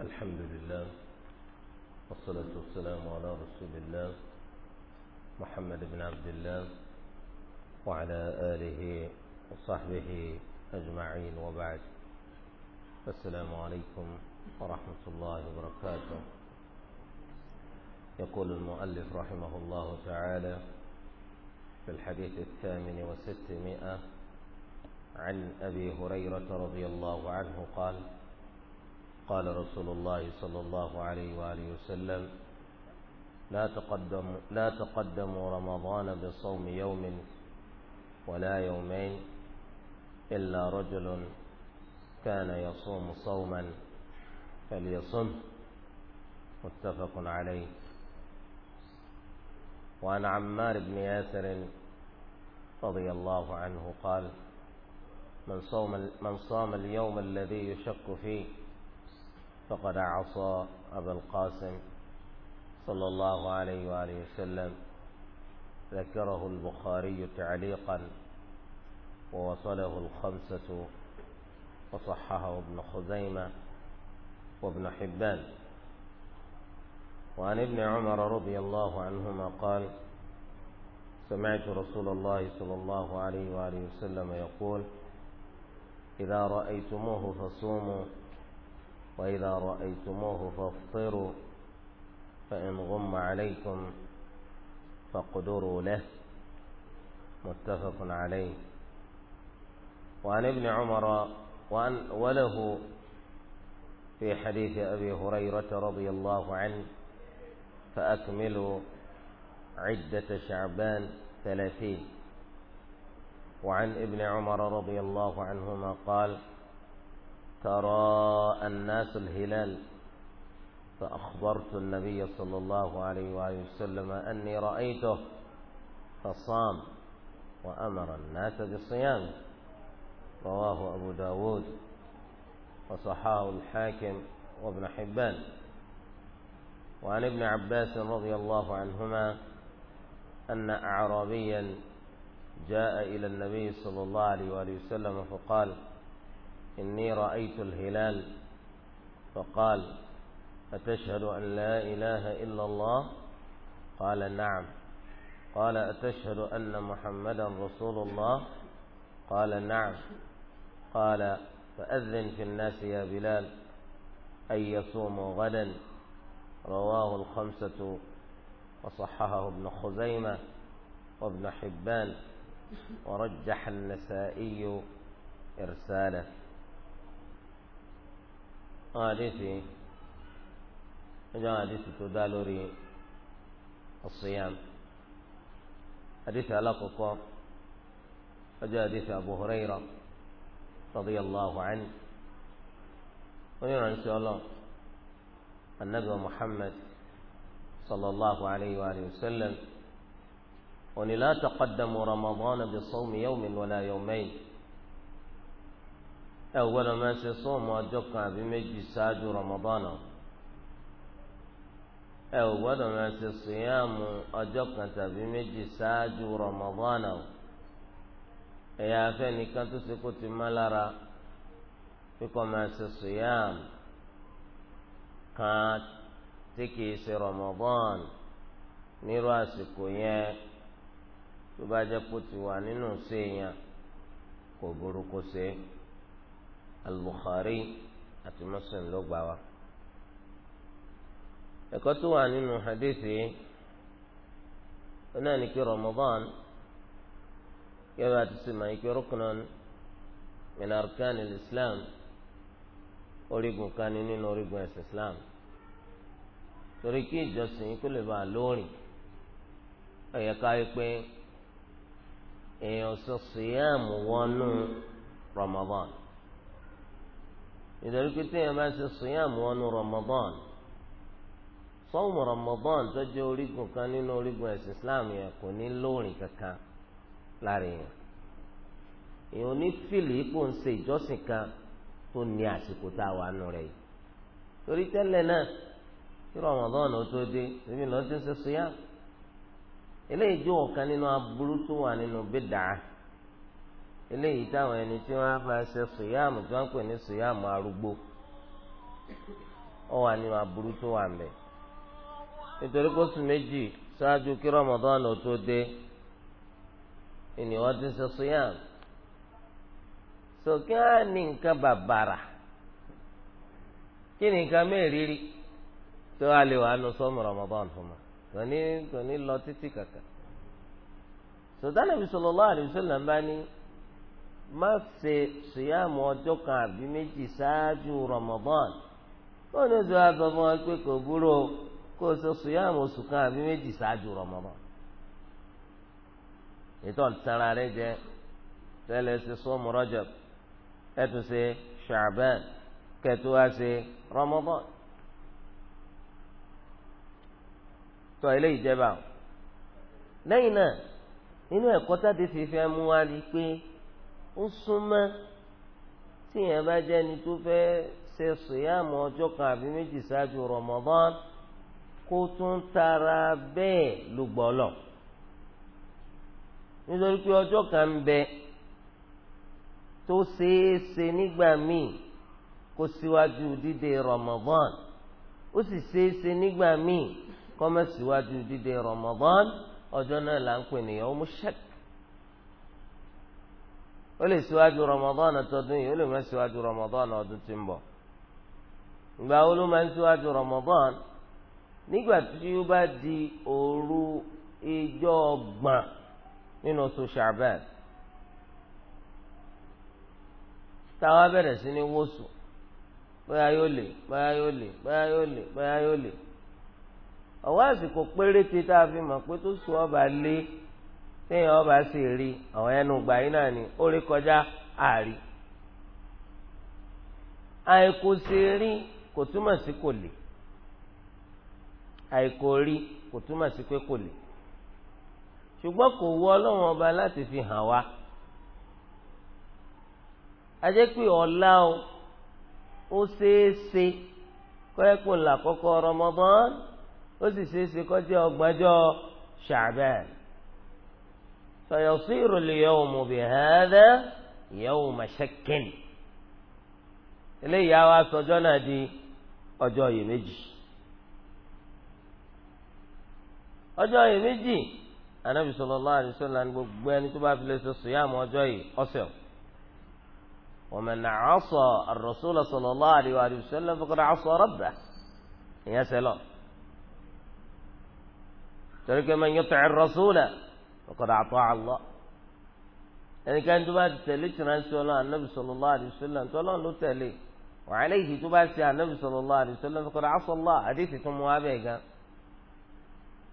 الحمد لله والصلاة والسلام على رسول الله محمد بن عبد الله وعلى آله وصحبه أجمعين وبعد السلام عليكم ورحمة الله وبركاته يقول المؤلف رحمه الله تعالى في الحديث الثامن وستمائة عن أبي هريرة رضي الله عنه قال قال رسول الله صلى الله عليه وآله وسلم لا تقدم لا تقدموا رمضان بصوم يوم ولا يومين إلا رجل كان يصوم صوما فليصم متفق عليه وعن عمار بن ياسر رضي الله عنه قال من من صام اليوم الذي يشك فيه فقد عصى أبا القاسم صلى الله عليه وآله وسلم ذكره البخاري تعليقا ووصله الخمسة وصححه ابن خزيمة وابن حبان وعن ابن عمر رضي الله عنهما قال سمعت رسول الله صلى الله عليه وآله وسلم يقول إذا رأيتموه فصوموا وإذا رأيتموه فافطروا فإن غم عليكم فاقدروا له متفق عليه وعن ابن عمر وأن وله في حديث أبي هريرة رضي الله عنه فأكملوا عدة شعبان ثلاثين وعن ابن عمر رضي الله عنهما قال ترى الناس الهلال فأخبرت النبي صلى الله عليه وآله وسلم أني رأيته فصام وأمر الناس بالصيام رواه أبو داود وصحاه الحاكم وابن حبان وعن ابن عباس رضي الله عنهما أن أعرابيا جاء إلى النبي صلى الله عليه وآله وسلم فقال إني رأيت الهلال فقال أتشهد أن لا إله إلا الله قال نعم قال أتشهد أن محمدا رسول الله قال نعم قال فأذن في الناس يا بلال أن يصوموا غدا رواه الخمسة وصححه ابن خزيمة وابن حبان ورجح النسائي إرساله wọn àwọn àdéhùn wọ́n a àwọn tó dá lórí ọ̀sùnyàm àdéhùn alákọ̀ọ́kọ́ wọ́n jẹ́ àdéhùn Abu Hurairah radiyallahu anhu wọ́n yọ̀rọ̀ ní sọ́lọ́ anabi muhammed sallallahu alayhi wa sallam wọ́n ni Ramadan bi sawmi yawmin wala yawmayn. E ò gbọ́dọ̀ máa ṣe sọọmọ ọjọ́ kan àbí méjì ṣáájú rọmọbọnà ẹ ò gbọ́dọ̀ máa ṣe sùnyàmù ọjọ́ kan tàbí méjì ṣáájú rọmọbọnà ẹyà afẹnikan tó ṣe kó ti má lára kíkọ máa ṣe sùnyàmù kan tí kìí ṣe rọmọbọnà nírú àsìkò yẹn tó bá al-Bukhari àti Muslim ló gbà wá. ẹ̀kọ́ tó wà nínú hadithi náà ní kí Ramadan yọba àti sèmà ike rukunan min arkan al-Islam orígun kan ní nínú orígun ẹ̀sìn Islam torí kí ìjọsìn kó lè bàa lóòrìn ẹ̀yẹ káyé pé èèyàn sọ síyàmù wọnú Ramadan ìdàrí pé téèyàn bá ṣe sùnyàmù ọ̀nù Ramadan sọ́wọ́mù Ramadan tó jẹ́ orígun kan nínú orígun ẹ̀sìn Islam yẹn kò ní lóòrìn kankan lára èèyàn èèyàn ní fìlì ipò ń ṣe ìjọsìn kan tó ní àsìkò tá a wà nù rẹ̀ yìí torí tẹ́lẹ̀ náà tí Ramadan ó tó dé èmi lọ́ọ́ ti ń ṣe sùnyàmù eléyìí jẹ́ ọ̀kan nínú aburú tó wà nínú bídàá. eléyìí táwọn ẹni tí wọ́n á fa ṣe sùyàmù tí wọ́n ń pè ní sùyàmù arúgbó ó wà nínú tó wà mẹ́ nítorí kó sùn méjì ṣáájú kí Ramadan ò tó dé ènìyàn ti ṣe sùyàmù sókè á ní nǹkan bàbàrà kí ni nǹkan mẹ́rìírí tó a lè wà nù sọ́mu Ramadan fún mi kò ní kò ní lọ títí má ṣe ṣìyàmù ọjọ́ kan àbí méjì ṣáájú Ramadan ó ní oṣù àgbà fún wa pé kò búrò kó o ṣe oṣù kan àbí méjì ṣáájú Ramadan ètò ìtara rẹ jẹ tẹ́lẹ̀ ṣe sọmù Rajab ẹtù ṣe Sha'ban kẹtù wá ṣe Ramadan tọ ilé ìjẹba lẹ́yìn náà nínú ẹ̀kọ́ sáde fífẹ mú wa ni pé ó súnmọ́ tí yẹn bá jẹ́ ni tó fẹ́ ṣe sòyàmù ọjọ́ kan àbí méjì ṣáájú Ramadan kó tún tara bẹ́ẹ̀ lùgbọ́lọ̀ nítorí pé ọjọ́ kan ń bẹ tó ṣeé ṣe nígbà míì kó síwájú dídé Ramadan ó sì ṣeé ṣe nígbà míì kó síwájú dídé Ramadan ọjọ́ náà là ń pè ní yawmu shak ó lè síwájú Ramadan tọdún yìí ó lè má síwájú Ramadan ọdún tí ń bọ̀ ìgbà wo ló máa ń síwájú Ramadan nígbà tí ó bá di òru ìjọ ọgbọ̀n nínú oṣù Sha'ban táwa bẹ̀rẹ̀ sí ní wọ́sù bóyá yóò lè bóyá yóò lè bóyá yóò lè bóyá yóò lè ọ̀wọ́ àsìkò péréte tá a fi mọ̀ pé tó sùn ọba lé téèyàn ọba sì rí àwọn ẹnu gbà yín náà ni ó rí kọjá àárí àìkò sì rí kò túmọ̀ sí kò lè àìkò rí kò túmọ̀ sí pé kò lè ṣùgbọ́n kò wù ọlọ́run ọba láti fi hàn wá ajẹ́ pé ọ̀la o ó ṣeéṣe kọ́ẹ́kùn làkọ́kọ́ Ramadan ó sì ṣeéṣe kọjá ọgbọ́njọ́ Sha'ban. فيصير اليوم بهذا يوم شك إلي يا واسو جونا دي مجي يمجي مجي يمجي النبي صلى الله عليه وسلم بين توبا في ليس الصيام وجاي أصل ومن عصى الرسول صلى الله عليه وسلم فقد عصى ربه يا سلام ترك من يطع الرسول faqad ata'a Allah ẹnikẹ́ni tó bá ti tẹ̀lé tìránṣẹ́ ọlọ́run anabi sallallahu alaihi wasallam tó ọlọ́run ló tẹ̀lé wa alayhi tó bá ṣe anabi sallallahu alaihi wasallam faqad asa Allah àdéhì tó mú wá bẹ́ẹ̀ gan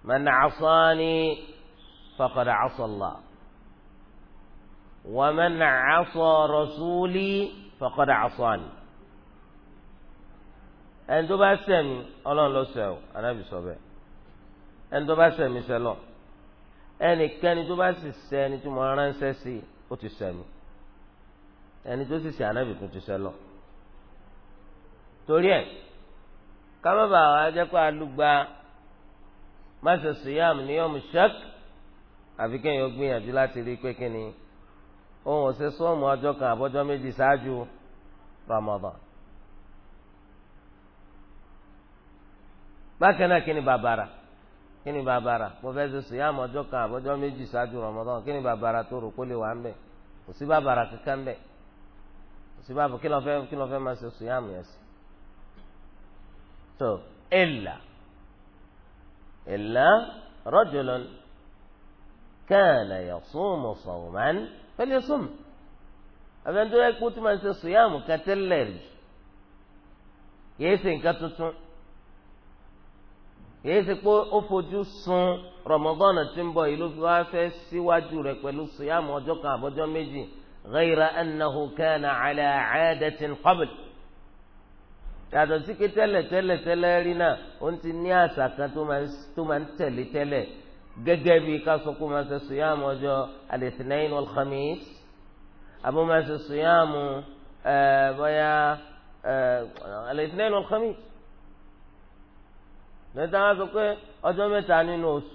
man asani faqad asa Allah wa man asa rasuli faqad asani ẹni tó bá ṣẹ̀ mí ọlọ́run ló ṣẹ̀ ọ́ anabi sọ bẹ́ẹ̀ ẹni tó bá ṣẹ̀ mí sẹ́lọ̀ ẹnikẹ́ni tó bá sì ṣẹ ẹni tó máa ránṣẹ́ sí i ó ti ṣẹ mi ẹni tó sì ṣẹ ànábì tó ti ṣẹ lọ. torí ẹ kábàbà àwọn ajẹ́pẹ́ alúgba má ṣe sùyàmù ní ọmọ ṣẹ́k àfi kéèyàn gbìyànjú láti rí pé kí ni òun ò sọ́ọ̀mù ọjọ́ kan àbọ́jọ́ méjì ṣáájú Ramadan. bákan náà kí ni bàbàrà kí ni bàbàrà mo fẹ́ ṣe sùyàmù ọjọ́ kan àbọ̀jọ́ méjì ṣáájú rọmọdán kí ni bàbàrà tó rò kó lè wà ń bẹ̀ kò sí bàbàrà kankan ń bẹ̀ kò sí bàbà kí ló fẹ́ kí ló fẹ́ máa ṣe sùyàmù yẹn sí. tó ẹ̀là ẹ̀là rọ́jòlón káàlà yasumu sawman falyasum abẹ́ńtò ẹ̀kú tó máa ṣe sùyàmù kan tẹ́lẹ̀ rí kì ṣe nǹkan tuntun kìí ṣe pé ó fojú sun rọmọbọ́nà tí ń bọ̀ yìí ló fi wá fẹ́ síwájú rẹ̀ pẹ̀lú síyàmù ọjọ́ kan àbọ̀jọ́ méjì ghayra annahu kana ala aadatin qabl yàtọ̀ sí pé tẹ́lẹ̀ tẹ́lẹ̀ tẹ́lẹ̀ rí náà ó ti ní àṣà kan tó máa ń tẹ̀lé tẹ́lẹ̀ gẹ́gẹ́ bí ká sọ pé máa ṣe síyàmù ọjọ́ al-ithnain wal-khamis àbọ̀ máa eh, bọ́yá eh, al-ithnain wal mẹ́ta wá sọ pé ọjọ́ mẹ́ta nínú oṣù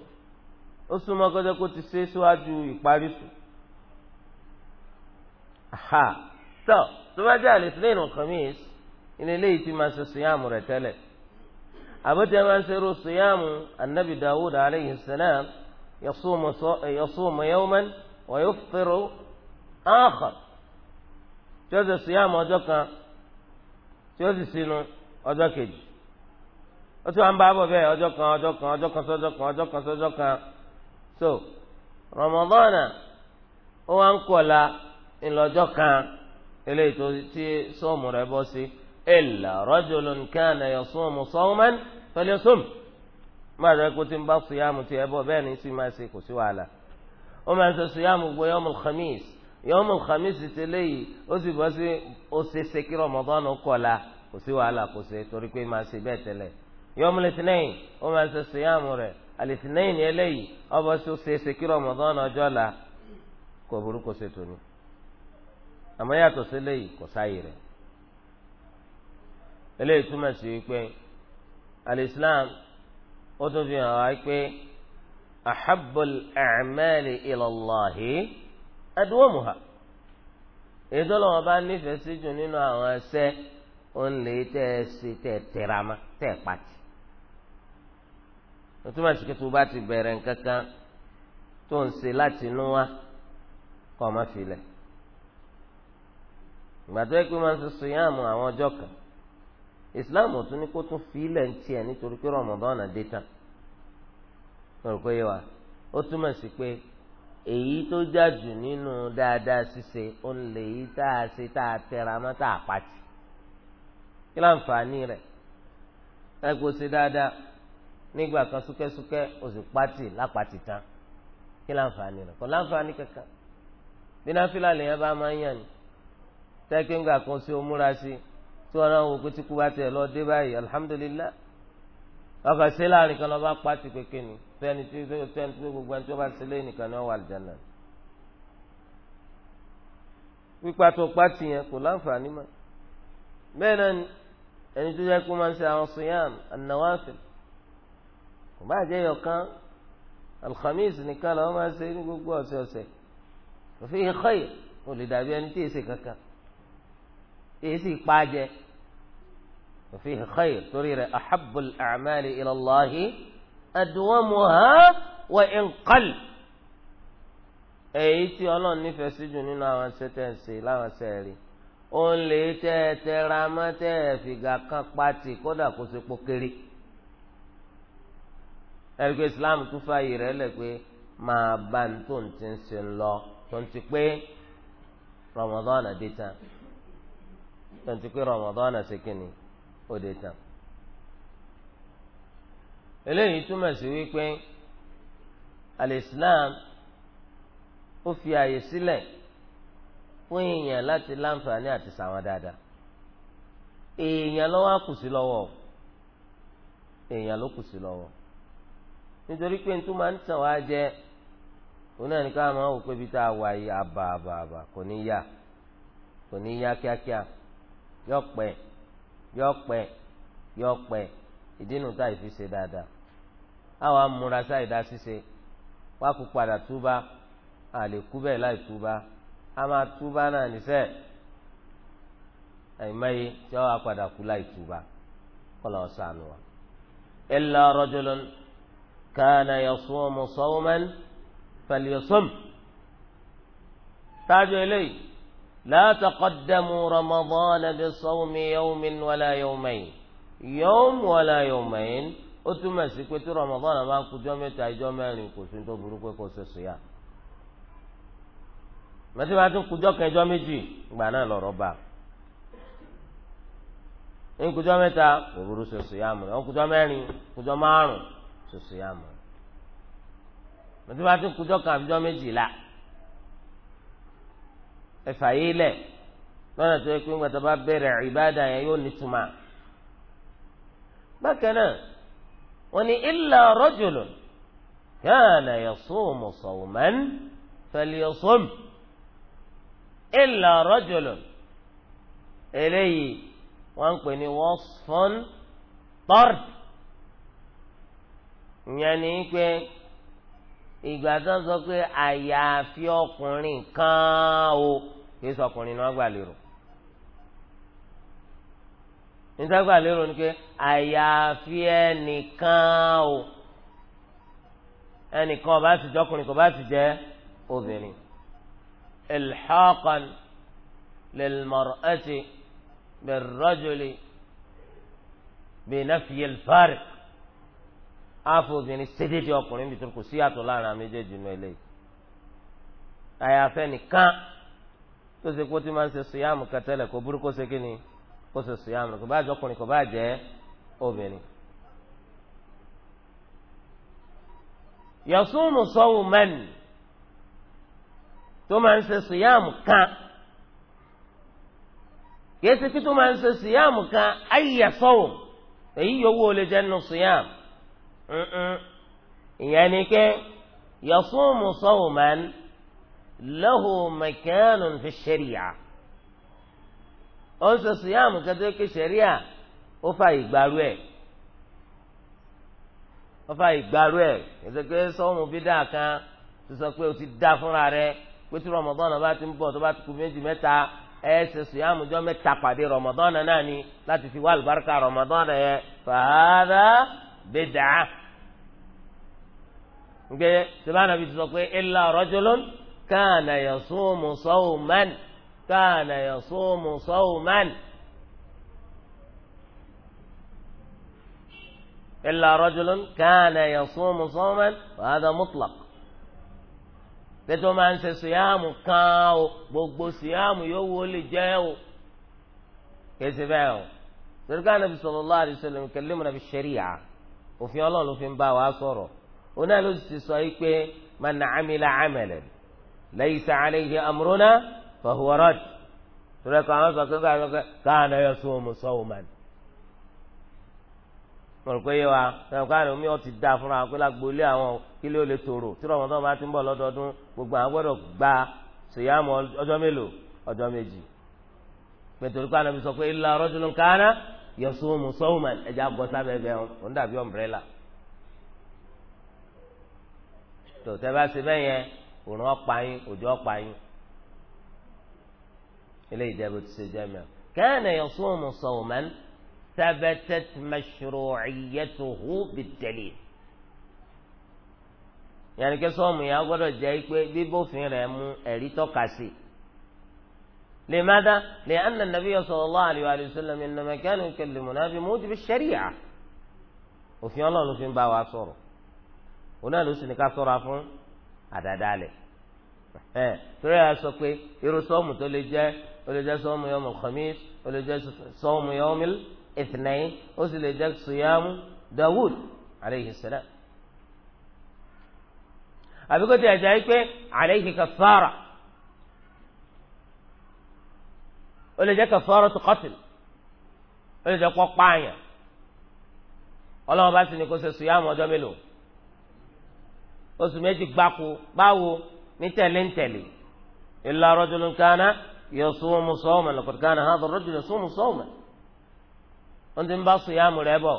oṣù mọ́kọ́jọ́ kó ti ṣe síwájú ìparí sùn. tọ́ tó bá jẹ́ àlìsílẹ̀ ìnù kọ́míìs ilé ilé yìí ti máa ṣe sùyàmù rẹ̀ tẹ́lẹ̀ àbótí ẹ máa ń ṣerú sùyàmù anabi dawud aleyhi salam yasumu yawman wa yuftiru akhar tí ó ṣe sùyàmù ọjọ́ kan tí ó sì sínú ọjọ́ kejì ó tún wá ń bá bọ̀ bẹ́ẹ̀ ọjọ́ kan ọjọ́ kan ọjọ́ kan sọ́jọ́ kan ọjọ́ kan sọ́jọ́ kan so rọmọbọ́nà ó wá ń kọ̀la ńlọ́jọ́ kan eléyìí tó ti sọ́ọ̀mù rẹ̀ bọ́ sí illa rajulun kana yasumu sawman falyasum máa rẹ kó tí ń bá sùyàmù tiẹ̀ bọ̀ bẹ́ẹ̀ ni sì máa ṣe kò sí wàhálà ó máa ń sọ sùyàmù gbọ́ yọmù khamis yọmù khamis ti léyìí ó sì bọ́ sí ó ṣe ṣe kí rọmọbọ́nà ó kọ̀la kò sí wàhálà kò ṣe torí pé máa ṣe bẹ́ẹ̀ tẹ́lẹ̀ yọmọ lẹsìnẹyìn ó máa ń ṣe sèyàmù rẹ àlẹsìnẹyìn ni eléyìí ọbọ sí ṣeéṣe kí Ramadan ọjọ́ la kò burúkú ṣe tòní àmọ́ yàtọ̀ sí eléyìí kò sáyè rẹ eléyìí túmọ̀ sí wípé alìsílám ó tún fi hàn o túmọ̀ sí pé tó bá ti bẹ̀rẹ̀ nǹkan kan tó ń ṣe láti inú wa kọ́ ọ má filẹ̀ ìgbà tó yẹ pé máa ń sọ yáàmù àwọn ọjọ́ kan islam tún ní kó tún filẹ̀ ń tiẹ̀ nítorí pé rọmọdọ́nà dé tán lọ́rọ̀ pé yẹ ó túmọ̀ sí pé èyí tó jájù nínú dáadáa ṣíṣe ó ń lè yí tá a ṣe tá a tẹra mọ́ tá a pàtì kí láǹfààní rẹ̀ ẹ kò ṣe dáadáa nígbà kan súkẹ́súkẹ́ oṣù pátì lápàtì tán kí láǹfààní rẹ̀ kọ́ láǹfààní kankan bí náfìlà lèèyàn bá máa ń yàn ní tẹ́kí ńgbà kan sí o múra sí tí wọ́n náà wò pé tí kú bá tẹ̀ lọ dé báyìí alihamudulilayi ọkọ̀ sí láàrin kan lọ́ba pátì kékeré ni fẹ́ni tí fẹ́ni tí gbogbo ẹni tí wọ́n bá sílé nìkan ni wọ́n wà lìjànà pípatọ́ pátì yẹn kò láǹfààní mọ́ bẹ́ẹ̀ náà ẹni tó yẹ kó máa ń ṣe àwọn sùnyàm kò bá jẹ́ yọkan alhamis nìkan làwọn máa ṣe ní gbogbo ọ̀sẹ̀ ọ̀sẹ̀ òfin ìkọyè ò lè dàbí ẹni tí èsì kankan èsì pàjẹ òfin ìkọyè torí rẹ̀ ahabul amali ilallahi adwamuha wa inqal èyí tí ọlọ́run nífẹ̀ẹ́ sí jù nínú àwọn sẹ́tẹ̀ǹsì láwọn sẹ́ẹ̀rì òun lè tẹ́ ẹ tẹ́ra mọ́ tẹ́ ẹ fìgà kan pati kódà kó sepo kéré ẹ̀rí pé islam tún fààyè rẹ̀ lẹ̀ pé máa bá tó ń ti ń lọ tó ń ti pé Ramadan dé tán tó ń ti pé Ramadan ṣe kìnnì ó dé tán. eléyìí túmọ̀ sí wípé al-Islam ó fi àyè sílẹ̀ fún èèyàn láti láǹfààní àti ṣàwọn dáadáa èèyàn ló wá lọ́wọ́ èèyàn ló kù sí lọ́wọ́ nítorí pé n tún máa ń tàn wá jẹ oní àníká máa wò pé tá a wà àbà àbà àbà kò ní yá kò ní yá kíákíá yọ pẹ yọ pẹ yọ dáadáa àwọn amúra sáì dá ṣíṣe wá kú padà túbá kú bẹ́ẹ̀ láì túbá a máa túbá náà níṣẹ́ àìmọye tí wọ́n á padà kú láì túbá kana yasumu sawman falyasum tájú eléyìí la taqaddamu ramadan bi sawmi yawmin wala yawmayn yawm wala yawmayn ó túmọ̀ sí pé tí ramadan bá ń kujọ́ mẹ́ta ìjọ́ mẹ́rin kò sí tó burú pé kò ṣe sùúyà mẹtí bá tún kujọ́ kẹjọ́ méjì gbà náà lọ̀rọ̀ bá ń kujọ́ mẹ́ta kò burú ṣe sùúyà mọ́ ń kujọ́ mẹ́rin kujọ́ márùn-ún soso yá mọ mọtò bá tún kudọ kan àbíjọ méjìlá ẹfà yìí lẹ lọ́nà tó yẹ kó ńgbà tó bá bẹ̀rẹ̀ ìbáda yẹn yóò nítumà bákan náà wọn ni illa rajulun kana yasumu sawman falyasum illa rajulun eléyìí wọn pè ní wasfun tard ìyẹn ni pé ìgbà tó ń sọ pé àyàfi ọkùnrin kan o kìí sọ ọkùnrin ni wọ́n gbà lérò nítorí gbà lérò ni pé àyàfi ẹnìkan o ẹnìkan ọba sì jọkùnrin kò bá sì jẹ obìnrin ilhaqan lilmar'ati birrajuli binafyi alfarq áfọ obìnrin ṣédédé ọkùnrin bìtú kò sí yàtọ̀ láàrin méjèèjì nù eléyìí àyàfẹ́ nìkan tó ṣe kó tí máa ń ṣe sùyàmù kẹtẹlẹ kó burúkú ṣe kí ni kó ṣe sùyàmù kò bá jẹ́ ọkùnrin kò bá jẹ́ obìnrin. yasumu sawman tó máa ń ṣe sùyàmù kan kìí ṣe kí tó máa ń ṣe sùyàmù kan ayé sawm èyí yòówó lè jẹ́ nù sùyàmù ìyẹn ni pé yasumu sawman lahu makanun fi sharia ó ń sọ síyàmù kẹtẹ́ kí sharia ó fa ìgbàrú ẹ̀ ó fa ìgbàrú ẹ̀ ẹ̀sẹ̀ pé sọ́ọ̀mù bídà kan ti sọ pé o ti dá fúnra rẹ pé tí rọmọdọ́nà bá ti ń bọ̀ tó bá ti kù méjì mẹ́ta ẹsẹ sùyàmùjọ mẹ́ta pàdé rọmọdọ́nà náà ni láti fi wá àlùbáríkà rọmọdọ́nà yẹn fàhádà bẹdà gbé sibana bi sọ pé illa rajulun kana yasumu sawman kana yasumu sawman illa rajulun kana yasumu sawman wa hadha mutlaq tẹ́tọ́ máa ń ṣe síyáàmù kan o gbogbo síyáàmù yóò wó lè jẹ́ o kèsì bẹ́ẹ̀ o sọ̀rọ̀ ká nàbì sallallahu alaihi wasallam yukallimuna bi shari'a òfin ọlọ́run ló fi ń bá wa sọ̀rọ̀ oní àlọ́ sì sọ yìí pé man amila amalan laysa alayhi amruna fahuwa rad torí kan àwọn sọ̀kẹ́ kan sọ̀kẹ́ kana yasumu sawman. mo rò pé yé wa sọ̀rọ̀ kan àná mi ò ti dáa fúnra pé lágbólé àwọn kílé ò lè tòrò tí Ramadan bá ti ń bọ̀ lọ́dọọdún gbogbo àwọn gbọ́dọ̀ gba sèyámọ̀ ọjọ́ mélòó ọjọ́ méjì pẹ̀tọ́rí kan àná mi sọ pé illa rajulun kana yasumu sawman ẹ̀já gbọ́ sábẹ́ bẹ́ẹ̀ ń dàbí ọ̀mbrẹ́là tó tẹ́ bá ṣe bẹyẹ yẹn òrùn ọ̀pá yín òjò ọ̀pá yín ilé jẹ́ bó ti ṣe jẹ́ mẹ kẹ́hìnà yẹn mẹ́rin. كان يصوم صوما ثبتت مشروعيته بالدليل hó bi tẹ̀lé yẹn kẹ́ mu yẹn a gbọ́dọ̀ jẹ́ pé bíbófin rẹ̀ mú ẹ̀rí tọ́ka sí lè i لماذا؟ لأن النبي صلى الله عليه وآله وسلم إنما كان يكلمنا بموجب الشريعة òfin ọlọ́run fi ń bá wa sọ̀rọ̀. òun náà ló sì ní ká sọ́ra fún àdádálẹ̀ ẹ torí a sọ pé irú sọ́ọ̀mù tó lè jẹ́ ó lè jẹ́ sọ́ọ̀mù yọmọ khamis ó lè jẹ́ sọ́ọ̀mù yọmọ ìtìnẹ́yìn ó sì lè jẹ́ sùyàmù dawud aleyhi salam àbíkó tí a pé aleyhi kafara ó lè jẹ́ kafara tó kọ́tìlì ó lè jẹ́ kọ́ pààyàn ọlọ́wọ́n sì ní kó ṣe sùyàmù ọjọ́ mélòó oṣù méjì gbáko báwo ní tẹ̀lé ń tẹ̀lé illa rajulun kana yasumu sawman laqad kana hadha ar-rajulu yasumu sawman ó ti ń bá sùyàmù rẹ̀ bọ̀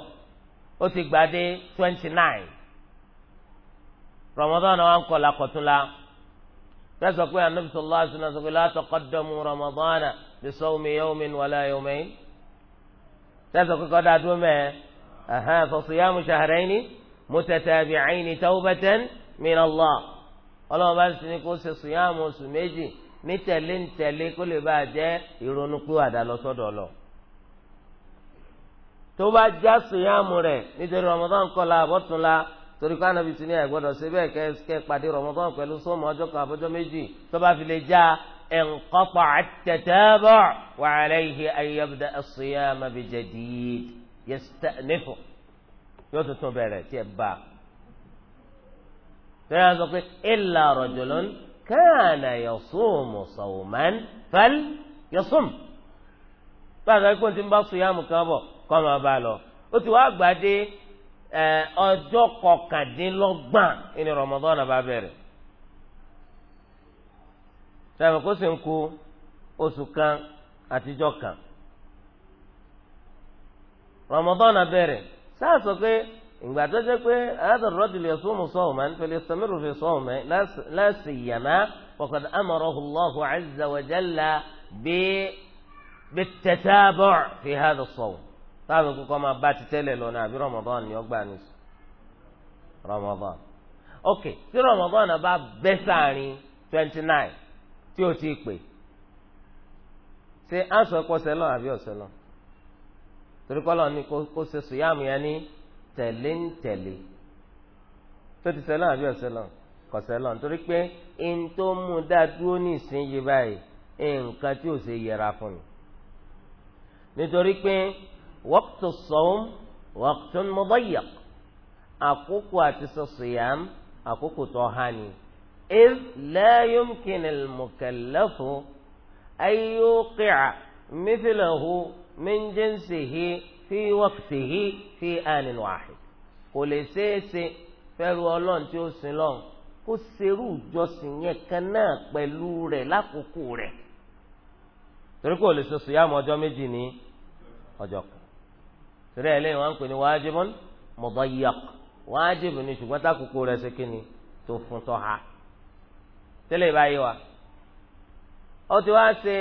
ó ti gbà dé twenty nine Ramadan wa ń kọ̀ lakọ̀túnla fẹsọ̀ pé anabi sallallahu alaihi wasallam sọ pé la taqaddamu Ramadan bi sawmi yawmin wala yawmayn fẹsọ̀ pé kọ́dà dúró mẹ́ẹ̀ فصيام شهرين متتابعين توبة min Allah ọlọ́run bá sì ní kó ṣe sùyàmù oṣù méjì ní tẹ̀lé ní tẹ̀lé kó lè bá a jẹ́ ìrònú pé àdá lọ sọ́dọ̀ lọ. tó bá já sùyàmù rẹ̀ nítorí Ramadan kọ́la àbọ̀túnla torí pé anabi ti ní ẹ gbọ́dọ̀ ṣe bẹ́ẹ̀ kẹ́ kẹ́ pàdé Ramadan pẹ̀lú sọ́mọ ọjọ́ kan àbọ̀jọ́ méjì tó bá fi lè já ẹ̀ńkọ́pọ̀ àtẹ̀tẹ̀bọ̀ wa alayhi an yóò tuntun bẹ̀rẹ̀ tí ẹ bá a. tẹ́lẹ̀ á sọ pé ka na kana yasumu fal yasum báyìí lọ́wọ́ ìpínlẹ̀ tí ń bá sùyàmù kan bọ̀ kọ́ máa bá a lọ ó ti wá gbàdé ọjọ́ kọkàndínlọ́gbọ̀n ní Ramadan náà bá bẹ̀rẹ̀ sẹ́mi kó sì ń ku oṣù kan àtijọ́ kan Ramadan náà bẹ̀rẹ̀ sáà sọ pé. ìgbà tó jẹ́ pé àádọ́rọ́dìlẹ̀ sọ́mù sọ́ọ̀mà pẹ̀lú sàmìrù fi sọ́ọ̀mà láti yàmá kokoda amarahu Allahu azza wa jalla fi hadha as-sawm táwọn kókó máa bá ti tẹ́lẹ̀ lọ náà àbí ni ó gbà ní sùn ok tí Ramadan náà bá twenty nine tí o ti pè ṣe á sọ ẹ̀kọ́ sẹ́lọ̀ àbí lọ torí ni tẹ̀lé ń tẹ̀lé tó ti sẹ́lọ̀ àbí ọ̀sẹ̀lọ̀ kò sẹ́lọ̀ nítorí pé n tó mú dá dúró ní ìsinyìí báyìí nǹkan tí ò ṣe yẹra fún mi nítorí pé waqtu sawm waqtun mudayyaq àkókò àti sọ̀sìyàm àkókò tó há ni idh la yumkin al-mukallafu an yuqi'a mithlahu min jinsihi fi waqtihi fi anin wahid kò lè ṣeé ṣe fẹ́rù ọlọ́run tí ó sin lọ́run kó serú ìjọsìn yẹn kan náà pẹ̀lú rẹ̀ lákòókò rẹ̀ torí kò lè ṣe sùyàmù ọjọ́ méjì ní ọjọ́ kan torí ẹ̀ lẹ́yìn wọn pè ní wájibun mudayyaq wájibù ni ṣùgbọ́n tákòókò rẹ̀ ṣe kí ni tó fún tọ́ tẹ́lẹ̀ ìbáyé wa ó ti wá ṣe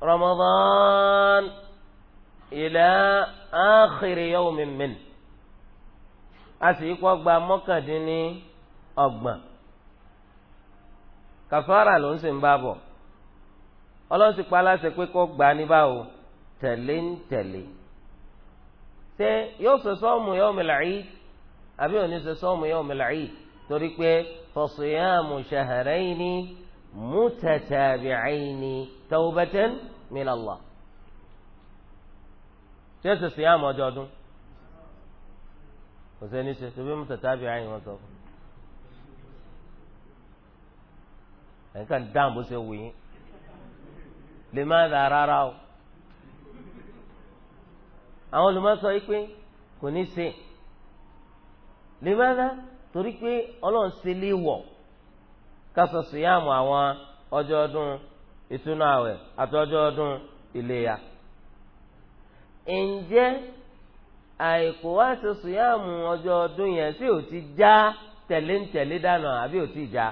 Ramadan ila akhir yawmin min a sì kọ́ gba mọ́kàndínní ọgbọ̀n kàfàrà ló ń sì ń bá bọ̀ ọlọ́run sì pa aláṣẹ pé kó gbà ní báwo tẹ̀lé ń tẹ̀lé ṣé yóò sọ sọ́ọ̀mù yawmil eid àbí òní sọ sọ́ọ̀mù yawmil eid torí pé fasiyamu shahrayni mutatabi'ayni tawbatan min Allah. ṣé ẹsẹ̀ sì yá àmọ́ ọjọ́ ọdún kò ṣe ṣe bí mo tẹ̀tà bí àyìn wọn sọ fún mi ẹ̀ka dáhùn bó ṣe wù yín lè má dà rárá o àwọn olùmọ̀sọ yìí pé kò ní ṣe lè má torí pé ọlọ́run ǹjẹ́ àìkú wá ṣe sùyàmù ọjọ́ ọdún yẹn sí ò ti já tẹ̀léńtẹ̀lé dànù àbí ò ti já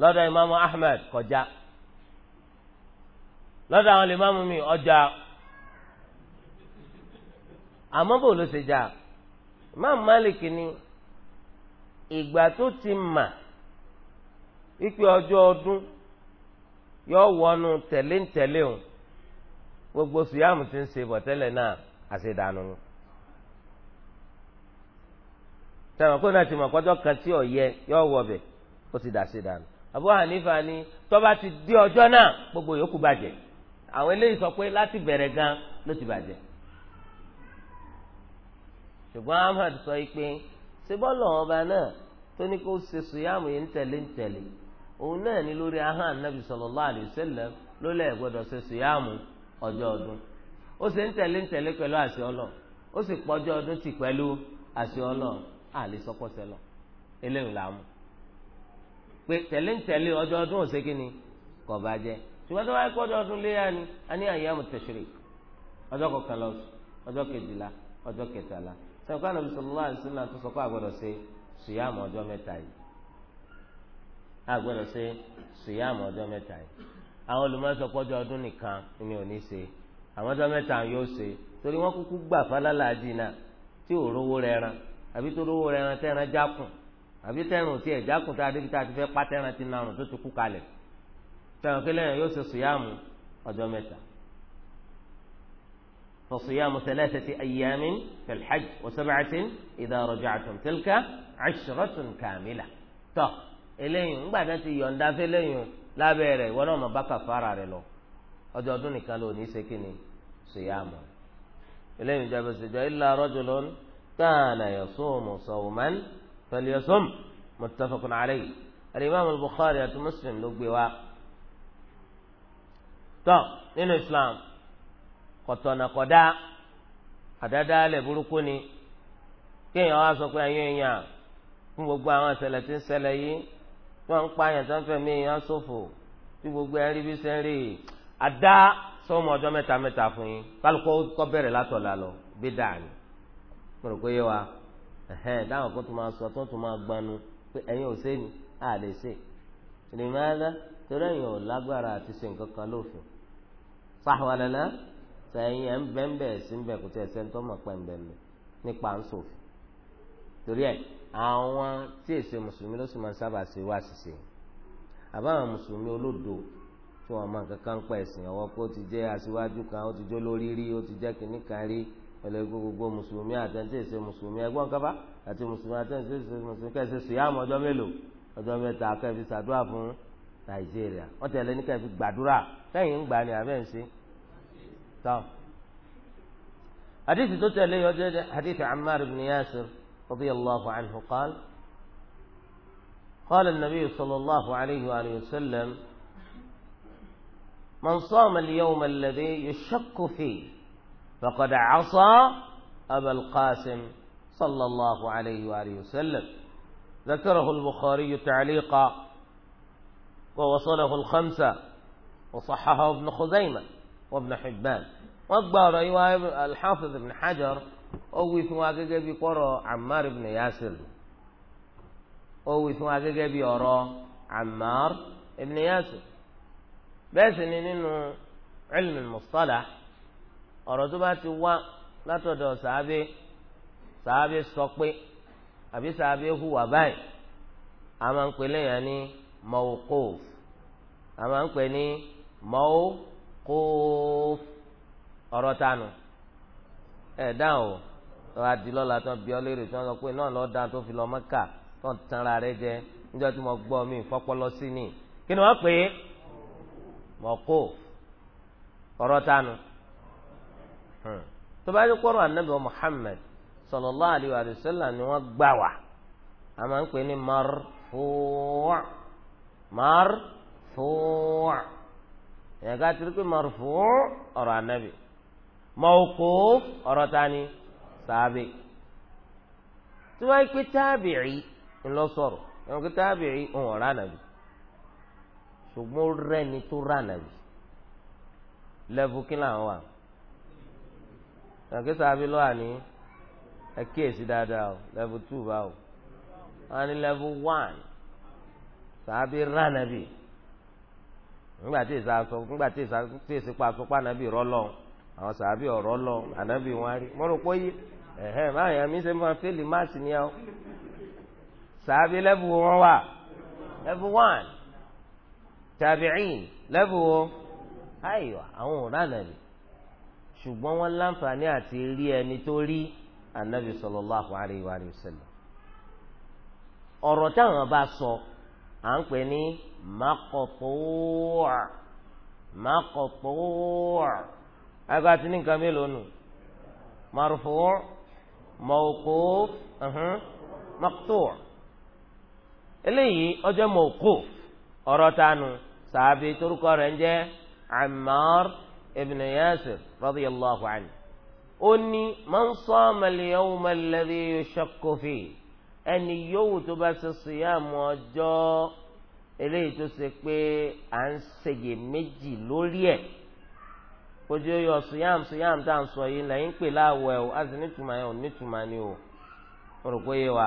lọ́dọ̀ ìmáàmù Ahmed kọjá lọ́dọ̀ àwọn ìmáàmù mi ọjà àmọ́ bò ló ṣe já ìmáàmù Malik ni ìgbà tó ti mà wípé ọjọ́ ọdún yọ wọnú tẹ̀léńtẹ̀lé o. gbogbo suyamu ti ń ṣe bọ̀ tẹ́lẹ̀ náà àṣedànù ni. sẹ́wọ̀n kó náà ti mọ̀ kọ́jọ́ kan tí ò yọ wọ̀ bẹ̀ ó ti ni tó ti di ọjọ́ náà gbogbo yòókù bàjẹ́ àwọn eléyìí sọ pé láti bẹ̀rẹ̀ gan ló ti bàjẹ́. ṣùgbọ́n Ahmad sọ pé ṣé bọ́ọ̀lù ọba náà tó ní kó ṣe sùyàmù yìí ń tẹ̀lé ń tẹ̀lé òun ni lórí aha Nabi ló ṣe ọjọ́ ọdún ó sì ń tẹ̀lé ń tẹ̀lé pẹ̀lú àṣẹ ọlọ ó sì pọ́jọ́ ọdún tì pẹ̀lú àṣẹ ọlọ àlè sọpọ́sẹ lọ eléyìí là mú pé tẹ̀lé ń tẹ̀lé ọjọ́ ọdún ni kò bá jẹ ṣùgbọ́n tó wáyé pọ́jọ́ ọdún léyà ni a ní àyè àmọ̀ tẹ̀sírì ọjọ́ kọkànlá ọjọ́ kejìlá ọjọ́ kẹtàlá àwọn olùmọ̀ọ́sọ pọ́jọ́ ọdún nìkan ni ò ní ṣe àwọn ọjọ́ mẹ́ta yóò ṣe torí wọ́n kúkú gbà fálálàájì náà tí ò rówó rẹ̀ ran àbí tó rówó rẹ̀ ran tẹ́ran jákùn àbí tẹ́ran tí ẹ̀ jákùn tá a débi tá a ti fẹ́ pa tẹ́ran ti narùn tó ti kú kalẹ̀ tẹ́ran kí yóò ṣe sùyàmù ọjọ́ mẹ́ta فصيام ثلاثة أيام في الحج وسبعة إذا رجعتم تلك عشرة tọ́ eléyìí ńgbà lábẹ́ rẹ̀ ìwọ náà mọ̀ bá kàfàrà rẹ̀ lọ ọjọ́ ọdún nìkan ló ní í ṣe kí ni ṣèyàmù eléyìí ìjọba ìṣèjọ illa rajulun kana yasumu sawman falyasum muttafaqun alayhi al-imam al-bukhari àti muslim ló gbé wa. tọ́ nínú islam kọ̀tọ̀nà kọ̀dá àdádálẹ̀ burúkú ni kéèyàn wá sọ pé ayé èèyàn fún gbogbo àwọn ìṣẹ̀lẹ̀ tí ń ṣẹlẹ̀ yìí tí wọ́n ń pa àyàn sanfẹ mi yàn sófò tí gbogbo ẹ rí bí sẹ ń rí àdá sọmọ ọjọ́ mẹ́ta mẹ́ta fún yín kálukọ kọ bẹ̀rẹ̀ látọlá lọ bí dàní mo rò pé yé wa ẹhẹn dáhùn kó tó máa sọ tó tó máa gbanu pé ẹ̀yin ò sẹ́ni á lè ṣe ìrìnàlá torí ẹ̀yin ò lágbára àti ṣe nǹkan kan lófin sàwàlẹ́lẹ́ sẹ́yìn ẹ̀ ń bẹ́ẹ̀ bẹ́ẹ̀ sí ń bẹ́ẹ̀ kò tẹ̀ ṣe ń tọ́ mọ̀ pẹ́ńbẹ́ẹ́ nípa ń sòfin torí ẹ̀ àwọn tí èso mùsùlùmí ló sì máa ń sábà ṣe wá ṣiṣẹ́ àbáwọn mùsùlùmí olódo tí wọn máa kankan pa ẹ̀sìn ọwọ́ pé ó ti jẹ́ aṣíwájú kan ó ti jó lórí rí ó ti jẹ́ kínní kan rí ẹlẹ́gbẹ́ gbogbo mùsùlùmí àtẹ̀ǹtẹ̀ èso mùsùlùmí ẹgbọ́n kaba àti mùsùlùmí àtẹ̀ǹtẹ̀ èso mùsùlùmí kẹ́sì sùyàmù ọjọ́ mélòó ọjọ́ mẹ́ta kẹ́fi ṣàdúrà fún nàìjíríà wọ́n tẹ̀lé ní kẹ́fi gbàdúrà sẹ́yìn ń gbà ní abẹ́ ń ṣe tán. hadith tó tẹ̀lé yọjọ́ hadith Ammar ibn Yasir رضي الله عنه قال قال النبي صلى الله عليه وآله وسلم من صام اليوم الذي يشك فيه فقد عصى أبا القاسم صلى الله عليه وآله وسلم ذكره البخاري تعليقا ووصله الخمسة وصححه ابن خزيمة وابن حبان وأكبر الحافظ ابن حجر ó wí fún wa gẹ́gẹ́ bí kọ́rọ̀ Ammar ibn Yasir ó wí wa gẹ́gẹ́ bí ọ̀rọ̀ Ammar ibn Yasir bẹ́ẹ̀ sì ni nínú ilmi mustalah ọ̀rọ̀ tó bá ti wá látọ̀dọ̀ sàábé sàábé sọ àbí sàábé hùwà báyìí a máa ń pè lẹ́yìn ní a máa ń pè ní mawquf ọ̀rọ̀ tánu. ẹ dáhùn o lọ́wọ́ adilọ́la tó ń bí ọ léèrè tó ń sọ pé náà lọ́ọ́ lọ tó ń rẹ jẹ níjọ́ tí mo gbọ́ mi sí ni kí ni wọ́n pè é mọ̀kó ọ̀rọ̀ tánu hmm. tó bá yẹ anabi Muhammad sallallahu alayhi wa ni wọ́n gbà wá a máa ń pè ní marfuwa marfuwa ìyàgá marfuwa ọrọ anabi. mawquf ọ̀rọ̀ ta ni sàbẹ̀ tí wọ́n pe tábìrì ńlọ sọ̀rọ̀ wọ́n pe tábìrì ń ọ̀rá nàbì ṣùgbọ́n rẹ́ni tó rà nàbì lẹ́bù kí làwọn wà nàkí sàbẹ̀ lọ́wọ́ àní ẹ kíyèsí dáadáa o lẹ́bù tù bá o wọ́n ní lẹ́bù wán sàbẹ̀ rà nàbì ńgbà tí èsì pa àsopá nàbì rọ́lọ́ọ̀. àwọn sàbí ọ̀rọ̀ lọ ànábì wọn rí mo rò pé yí ẹ̀hẹ́n báyìí àmì ṣe máa fẹ́lì máàsì ni ọ́ sàbí lẹ́bù wọn wà lẹ́bù wán tàbíìn lẹ́bù wọn ayọ̀ àwọn ò rà nàbì ṣùgbọ́n wọ́n láǹfààní àti rí ẹni tó rí ànábì sallallahu alaihi wa sallam ọ̀rọ̀ táwọn bá sọ à ń pè ní àgbà tí ní nǹkan mélòó nù marufu mawquf maqtu' eléyìí ọjọ́ mawquf ọ̀rọ̀ tánu sàbí torúkọ rẹ̀ ń jẹ́ Ammar ibn Yasir radiyallahu anhu ó ní man sama al-yawma alladhi yushaqqu fihi ẹni yòówù tó bá ṣe síyàmù ọjọ́ eléyìí tó ṣe pé à ń ṣèyè méjì lórí ẹ̀ kojú yọ suyam suyam tá à ń sọ yìí lẹ́yìn pè láwẹ̀ o àti nítumọ̀ yẹn ò nítumọ̀ ni o mo rò wa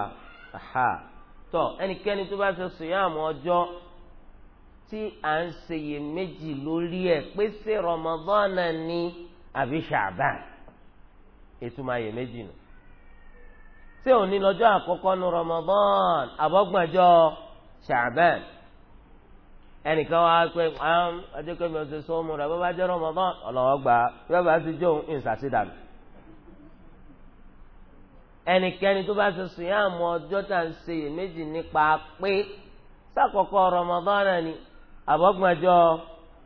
aha tọ ẹnikẹ́ni tó bá ṣe suyam ọjọ́ tí à ń ṣeyè méjì lórí ẹ̀ pé ṣé rọmọdọ́nà ni àbí ṣàbàn ìtumọ̀ yẹ méjì nù ṣé òní lọ́jọ́ àkọ́kọ́ nu rọmọdọ́n àbọ̀gbọ̀njọ́ ṣàbàn ẹnìkan wá pé ọjọ́ pé mi ò ṣe sọ́mu rẹ̀ bó bá jẹ́ Ramadan ọlọ́wọ́ gbà yóò bá ti jó ìsàsídàmì. ẹnikẹ́ni tó bá ṣe sùyàmù ọjọ́ tá à ń ṣe méjì nípa pé sàkọ́kọ́ Ramadan náà ni àbọ̀gbọ̀njọ́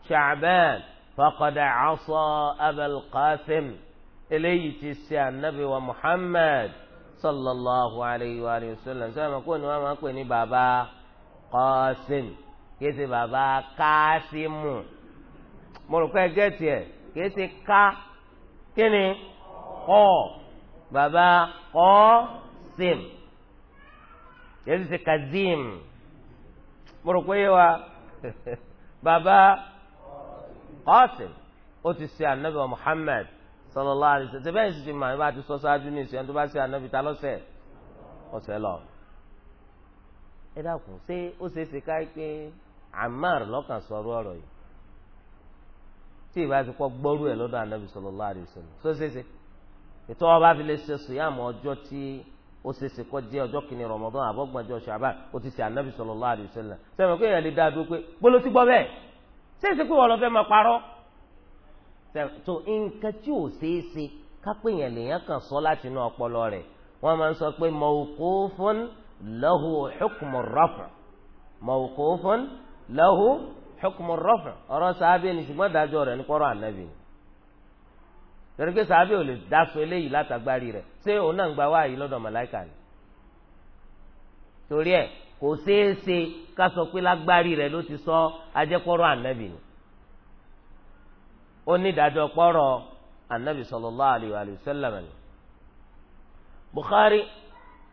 Sha'ban faqad asa Abul eléyìí ti ṣe ànábì wa Muhammad sallallahu alayhi wa sallam sọ́yàmù kó ni wọ́n máa ń pè ní baba Qasim kìí ṣe bàbá káásímù mo rò pé ẹgẹ́ tiẹ̀ kìí ṣe ká kí ni kọ́ bàbá kọ́ sim kìí ṣe kazim mo rò pé yé wa bàbá kọ́sìm ó ti ṣe anabi Muhammad sallallahu alaihi wasallam bẹ́ẹ̀ sì ti mọ̀ nípa ti sọ ṣáájú ní ìsìn tó bá ṣe anabi ta lọ́sẹ̀ ọ̀sẹ̀ lọ ẹ dákun ṣé ó ṣeé ṣe ká pé Ammar lọ́kàn sọ̀rọ̀ ọ̀rọ̀ yìí tí ìbá ti kọ́ gbọ́rú ẹ̀ lọ́dọ̀ anabi sallallahu alaihi wasallam tó ṣeéṣe ètò ọba fi lè ṣe sùyàmù ọjọ́ tí ó ṣeéṣe kọ́ jẹ́ ọjọ́ kìíní Ramadan àbọ̀gbọ̀njọ́ Ṣàbán ó ti ṣe anabi sallallahu alaihi wasallam sẹ́mi pé èèyàn lè dá dúró pé bóló ti gbọ́ bẹ́ẹ̀ ṣeéṣe pé wọ́n lọ fẹ́ máa parọ́ tó nǹkan tí ò ṣeéṣe kápẹ́ yẹn lèèyàn kàn sọ láti inú ọpọlọ rẹ̀ wọ́n máa ń sọ pé mawqufun lahu hukmu lahu hukmu rafa ọ̀rọ̀ sàábì ni ṣùgbọ́n dájọ́ rẹ̀ ní kọ́rọ̀ ànábì ni torí pé sàábì ò lè dáṣọ eléyìí látàgbárí rẹ̀ ṣé òun náà ń gba wáyé lọ́dọ̀ màláìkà ni torí ẹ̀ kò ṣeé ṣe ká sọ pé lágbárí rẹ̀ ló ti sọ ajẹ́kọ́rọ̀ ànábì ni ó ní ìdájọ́ kọ́rọ̀ ànábì sallallahu alaihi wa ni Bukhari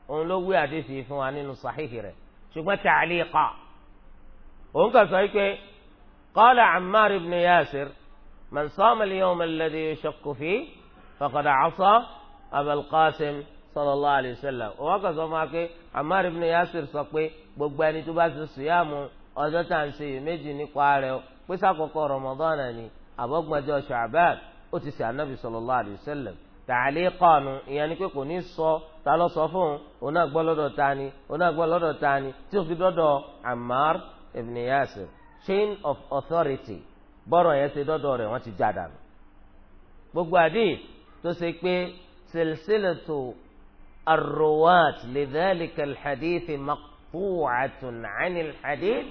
òun ló wí àdéhìí fún wa nínú sàhíhì rẹ̀ ṣùgbọ́n ta'liqa òun kà sọ pé qala ammar ibn yasir man sama al-yawma alladhi yushaqqu fihi faqad asa abal qasim sallallahu alayhi wa sallam òun kà sọ fún wa pé ammar ibn yasir sọ pé gbogbo ẹni tó bá ti sùyàmù ọjọ́ tá à ń ṣe méjì nípa rẹ̀ pé sákòókò rọmọdọ́nà ni àbọ̀gbọ̀njọ́ ṣàbẹ́ẹ̀ ó ti ṣe ànábì sallallahu alayhi wa sallam tààlẹ́ kọ́ọ̀nù ìyẹn ni pé kò ní sọ ta lọ sọ fún un òun náà gbọ́ lọ́dọ̀ ta ni òun náà gbọ́ lọ́dọ̀ ta ni tí ó fi dọ́dọ̀ Ammar ibn Yasir chain of authority bọ́rọ̀ yẹn ṣe dọ́dọ̀ rẹ̀ wọ́n ti já dànù. gbogbo àdìs tó ṣe pé silsilatu arruwat lidhalika alhadith maqtu'atun 'an alhadith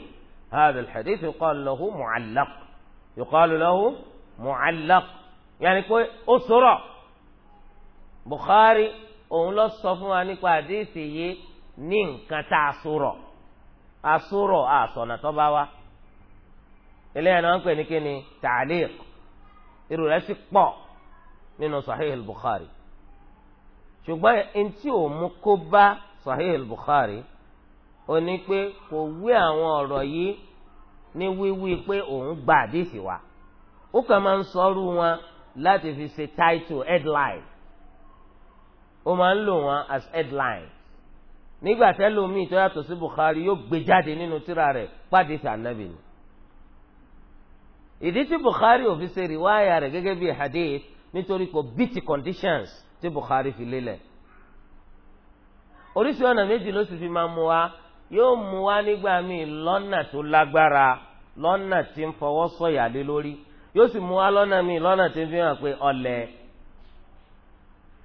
hadha alhadith yuqalu lahu mu'allaq yuqalu lahu mu'allaq yàni pé ó sọ̀rọ̀ Bukhari òun lọ sọ fún wa nípa àdìs yìí ní nǹkan tá a sọ̀rọ̀ asúrọ̀ àsọ̀nà tó bá wa eléyà náà ń pè ní kíni ta'liq irú rẹ̀ sì pọ̀ nínú sahih al-bukhari ṣùgbọ́n eŋti ò mú kó bá sahih al-bukhari ó ní pé kò wí àwọn ọ̀rọ̀ yìí ní wíwí pé òun gba àdìsí wa ó kàn máa ń sọrú wọn láti fi ṣe title headline ó máa ń lò wọn as headline nígbà tẹ́lómi tó yàtọ̀ sí Bukhari yóò gbé jáde nínú tírà rẹ̀ pàdé sí anabi ni ìdí tí Bukhari ò fi ṣe rìwáyà rẹ̀ gẹ́gẹ́ bí hadith nítorí kò bíìtì conditions tí Bukhari fi lélẹ̀ oríṣi ọ̀nà méjì ló sì fi máa mú wa yóò mú wa nígbà míì lọ́nà tó lágbára lọ́nà tí ń fọwọ́ sọ̀yà lé lórí yóò sì mú wa lọ́nà míì lọ́nà tí ń fi hàn pé ọ̀lẹ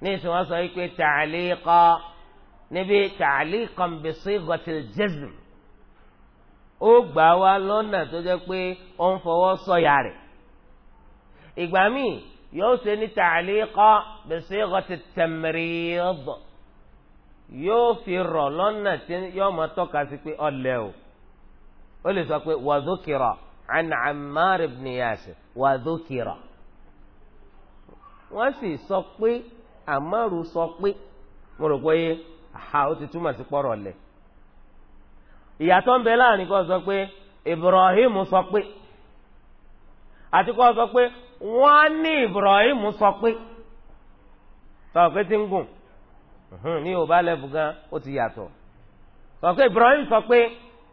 ní ìsìn wọn sọ wípé ta'liqa níbi ta'liqan bi sighatil jazm ó gbà wá lọ́nà tó jẹ́ pé ó ń fọwọ́ sọ̀yà rẹ̀ ìgbà míì yóò ṣe ní ta'liqa bi sighatit tamrid yóò fi rọ̀ lọ́nà tí yóò máa tọ́ka sí pé ọ̀lẹ́ o ó lè sọ pé wa dhukira an Ammar wọ́n sì sọ pé Ammaru sọ pé mo rò pé yé ha ó ti túmọ̀ sí pọ̀rọ̀ lẹ̀ ìyàtọ̀ ń bẹ láàrin kó sọ pé Ibrahim sọ pé àti kó sọ pé wọ́n ní Ibrahim sọ pé sọ pé ti ń gùn ní yorùbá lẹ́bù gan ó ti yàtọ̀ sọ pé Ibrahim sọ pé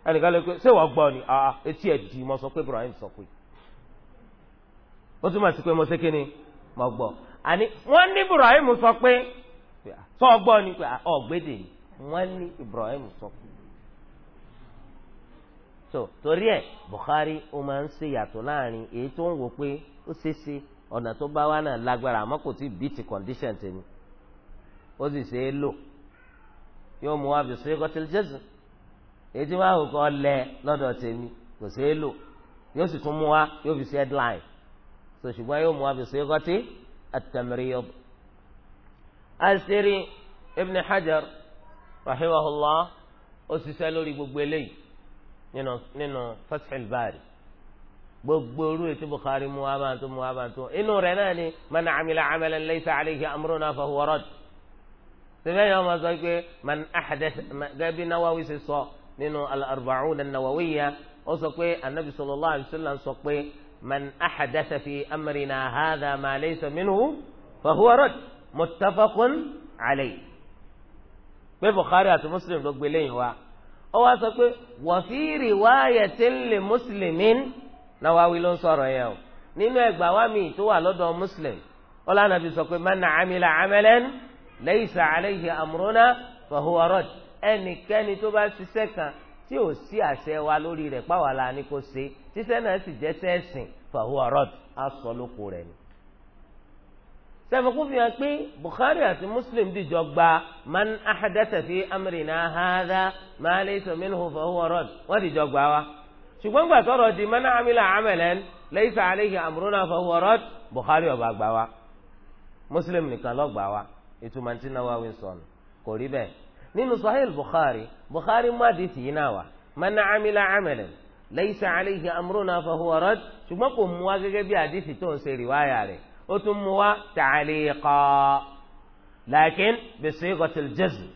ẹnìkan lè pe ṣé wọ́n gbọ́ ni etí ẹ̀ dì mọ́ sọ pé Ibrahim sọ pé ó túmọ̀ sí pé mo ṣe kí ni mo gbọ́ àní wọ́n ní Ibrahim sọ pé sọ gbọ́ ni pé ọ̀gbẹ́dẹ̀ ni wọ́n ní Ibrahim sọ. so torí ẹ̀ Bukhari ó máa ń ṣe yàtọ̀ láàrin èyí tó ń wò pé ó ṣeéṣe ọ̀nà tó bá wà náà lágbára àmọ́ kò tí ì bíìtì condition tèmi ó sì ṣe é lò yóò mú wa bìsí kọtìl jésù èyí tí wọn àwòkọ lẹ lọ́dọ̀ tèmi kò sí é lò yóò sì tún mú wa yóò fi sí headline so ṣùgbọ́n yóò mú wa bìsí kọtì at-tamriyad asiri ibn hajar rahimahullah ó ṣiṣẹ́ lórí gbogbo eléyìí nínú nínú fathul bari gbogbo orú ètò bukhari mu abantu mu abantu inú rẹ̀ náà ni man amila amalan laysa alayhi amruna fahuwa radd sibẹ́yìn ọmọ sọ pé man ahdath gẹ́bí nawawi ṣe sọ nínú al-arba'un an-nawawiyya ó sọ pé anabi sallallahu alayhi wa sallam sọ pé man ahdatha fi amrina hadha ma laysa minhu fahuwa radd muttafaqun alayhi pé bukhari àti muslim ló gbé lẹ́yìn wa ó wá sọ pé wa fi riwayatin li muslimin Nawawi ló ń sọ̀rọ̀ yẹn o nínú ẹgbàá wa mi tó wà lọ́dọ̀ muslim ọlá nàbí sọ pé man amila amalan laysa alayhi amruna fahuwa rad ẹnikẹ́ni tó bá ṣiṣẹ́ kan tí ò sí àṣẹ wa lórí rẹ̀ pàwọ́ ni kò ṣe ṣiṣẹ́ náà sì jẹ́ sẹ́ẹ̀sìn fahuwa rad rẹ̀ ni sẹ́mi kún fi hàn pé Bukhari àti Muslim dìjọ gba man ahadatha fi amrina hadha ma laysa minhu fa huwa rad wọ́n dìjọ gba wa. ṣùgbọ́n gbà tọrọ di man amila amalan laysa alayhi amruna fa huwa rad Bukhari ọba gba wa Muslim nìkan lọ gba wa ìtumọ̀ tí Nawawi sọnù kò rí bẹ́ẹ̀. nínú Sahih Bukhari Bukhari mú àdìsí yìí náà wa man amila amalan laysa alayhi amruna fa huwa ṣùgbọ́n kò mú wa gẹ́gẹ́ bí àdìsí tó ń ṣe rìwáyà rẹ̀ ó tún mú wa ta'liqa lakin bi sigatil jazm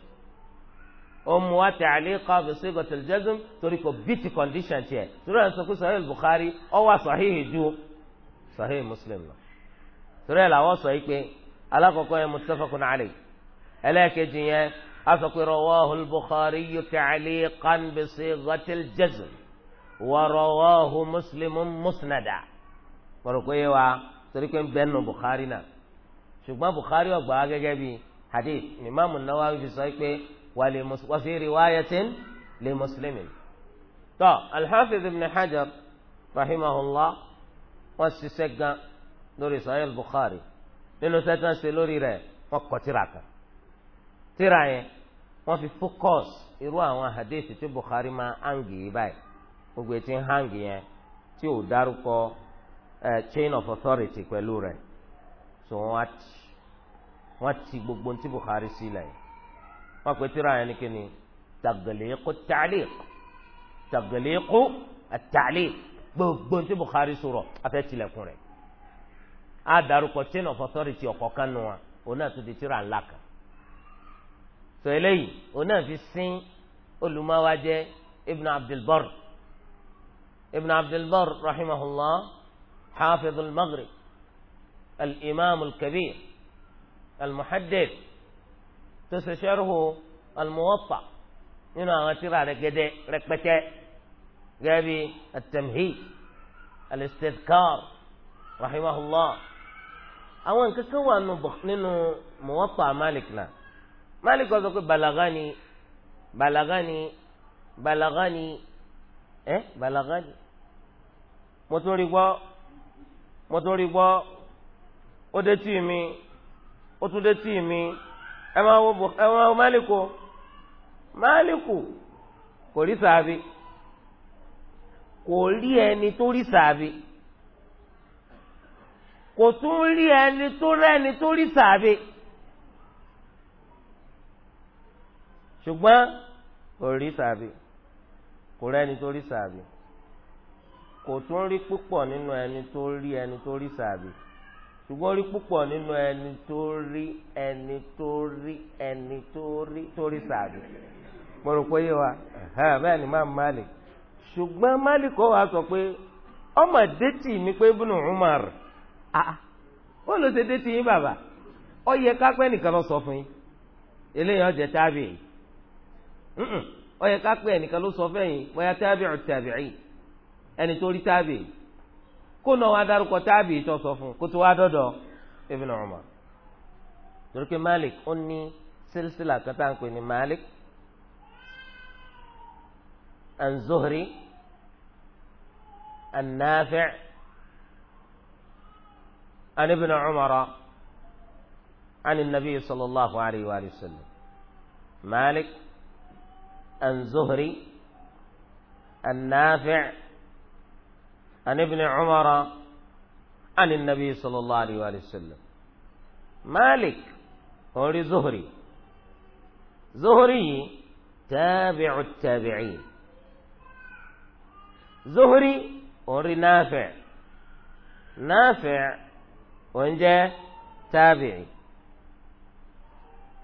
ó mú wa ta'liqa bi sigatil jazm torí kò bíìtì condition tiẹ̀ torí àwọn sọ pé sahih Bukhari ó wà sahihi ju sahih Muslim lọ torí ẹ̀ làwọn sọ yìí pé alákọ̀ọ́kọ́ yẹn muttafaqun alayhi ẹlẹ́ẹ̀kejì yẹn asọ̀pẹ̀ rawahu al-Bukhari ta'liqan bi sigatil jazm wa rawahu Muslimun musnada kọ̀rọ̀ pé wa torí pé ń bẹ nù Bukhari náà ṣùgbọ́n Bukhari ó gbà gẹ́gẹ́ bí hadith Imam Nawawi fi sọ pé wa fi riwayatin li Muslimin. tọ́ Al-Hafiz Ibn Hajar rahimahullah wọ́n ṣiṣẹ́ gan lórí Sahih Bukhari nínú sẹ́tàn ṣe lórí rẹ̀ wọ́n kọ tíra kan tíra yẹn wọ́n fi focus irú àwọn hadith tí Bukhari máa ń hàngì báyìí gbogbo etí ń hàngì yẹn tí ò dárúkọ uh, chain of authority pẹ̀lú rẹ̀ so wọ́n ti wọ́n ti gbogbo ntí Bukhari sílẹ̀ wọ́n pè tíra yẹn ni kí ni tàgẹ̀lẹ́kù tàlík tàgẹ̀lẹ́kù tàlík gbogbo ntí Bukhari sọ̀rọ̀ afẹ́ tilẹ̀kùn rẹ̀ á darúkọ chain of authority ọ̀kọ̀ọ̀kan nù wa òun náà tún di tíra ńlá kan so eléyìí òun náà fi sín olùmọ̀wájẹ́ Ibn Abdul Barr Ibn Abdul Barr rahimahullah. حافظ المغرب الإمام الكبير المحدث تسشره الموطع هنا غتر على كده ركبته جابي التمهيد الاستذكار رحمه الله أو كسوى أنه موطع مالكنا مالك يقول بلغني بلغني بلغني إيه بلغني متوري mo tún rí gbọ́ ó dé tì mí ó tún dé tì mí ẹ máa wo ẹ máa wo máàlìkù máàlìkù kò rí sàbí kò rí ẹni tó rí sàbí kò tún rí ẹni tó rẹ́ni tó rí sàbí ṣùgbọ́n kò rí sàbí kò rẹ́ni tó rí sàbí. kò tún rí púpọ̀ nínú ẹni tó rí ẹni tó rí sàbí ṣùgbọ́n rí púpọ̀ nínú ẹni tó rí ẹni tó rí ẹni tó rí tó rí sàbí mo yé wa bẹ́ẹ̀ ni máa Malik ṣùgbọ́n Malik kọ́ wa sọ pé ọmọ déètì ni pé Ibn Umar ó lọ ṣe déètì yín bàbá ó yẹ kápẹ́ nìkan lọ sọ fún yín eléyìí ọjà tábìlì ó yẹ kápẹ́ nìkan ẹni tó rí tábì kó náà wá dárúkọ tábì tó sọ fún kó tó wá dọdọ Ibn Umar torí pé Malik ó ní sílsílà kan tá à ń pè ní Malik an Zuhri an Nafi' an Ibn Umar an Nabi sallallahu alayhi wa sallam Malik an Zuhri an عن ابن عمر عن النبي صلى الله عليه وآله وسلم مالك هو زهري زهري تابع التابعين زهري هو نافع نافع وانجا تابعي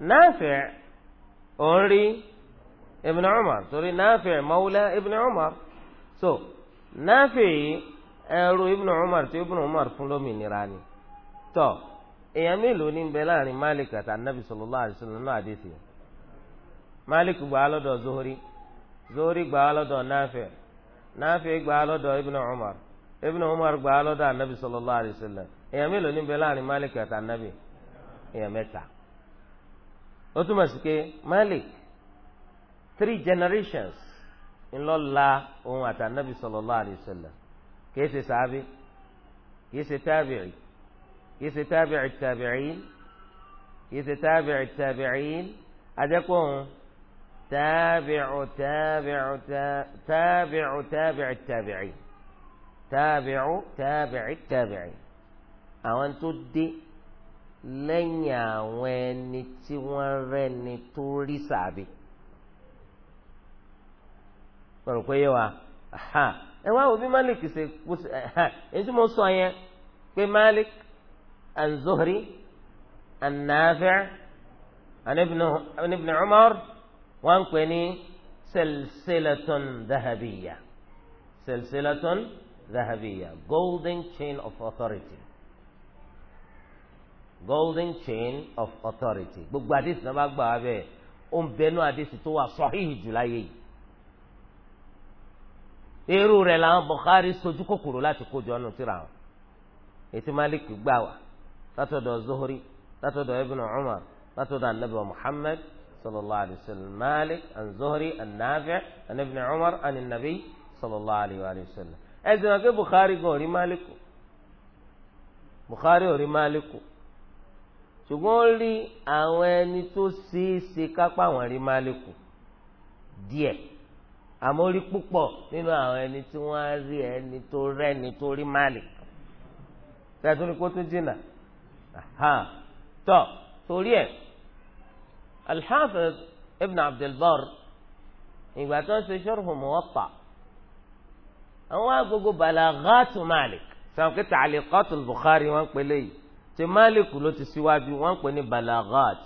نافع أوري ابن عمر سوري نافع مولى ابن عمر سو so, Nafi ẹrú Ibn Umar tí Ibn Umar fún lómìnira ni tọ èèyàn mélòó ní bẹ láàrin Malik àti anabi sallallahu alaihi wasallam náà àdéhùn Malik gbà á lọ́dọ̀ Zuhri Zuhri gbà á lọ́dọ̀ Nafi Nafi gbà á lọ́dọ̀ Ibn Umar Ibn Umar gbà á lọ́dọ̀ anabi sallallahu alaihi èèyàn mélòó ní bẹ láàrin Malik àti anabi èèyàn mẹ́ta ó túmọ̀ sí pé Malik three generations ńlọ́la òun àti anabi sallallahu alayhi wa sallam kìí ṣe sàábì kìí ṣe tábìrì kìí ṣe tábìrì tábìrìn kìí ṣe tábìrì tábìrìn adẹ́kùn tábìrù tábìrù tábìrù tábìrì tábìrìn tábìrù tábìrì tábìrìn àwọn tó dé lẹ́yìn àwọn ẹni tí wọ́n rẹ́ni tó rí sàábì. rò pé yé wa aha ẹ wá òbí malik ṣe kú sí ṣe èyí tí mo sọ yẹn pé malik an zuhri anibini nafi' an ibn umar wọn pè ní silsilatun dahabiya silsilatun dahabiya golden chain of authority golden chain of authority gbogbo àdìsí náà bá gbà wá bẹ́ẹ̀ ó ń bẹnu àdìsí tó wà sọ́hìn jù láyé yìí. irú rẹ̀ làwọn Bukhari sojú kòkòrò láti kójọ ọ̀nà tíra wọn ètí Malik gbà wá látọ̀dọ̀ Zuhri látọ̀dọ̀ Ibn Umar látọ̀dọ̀ anabi Muhammad sallallahu alayhi wa sallam Malik an Zuhri an Nafi' an Ibn Umar an nabi sallallahu alayhi wa sallam ẹ̀sìn wọn kí Bukhari gan orí Malik Bukhari orí Malik ṣùgbọ́n ó rí àwọn ẹni tó ṣeé ṣe kápá àwọn rí Malik díẹ̀ àmọ́ rí púpọ̀ nínú àwọn ẹni tí wọ́n á rí ẹni tó rẹ́ni tó rí máàlì tẹ́tù ni kó tún jìnnà tọ́ torí ẹ̀ alḥafiz ibn abdulbar ìgbà tó ń ṣe ṣọ́rùfù muwatta àwọn agogo balagatu malik sàn kí tàlíkọ́tù bukhari wọ́n pè léyìí tí malik ló ti síwájú wọ́n pè ní balagat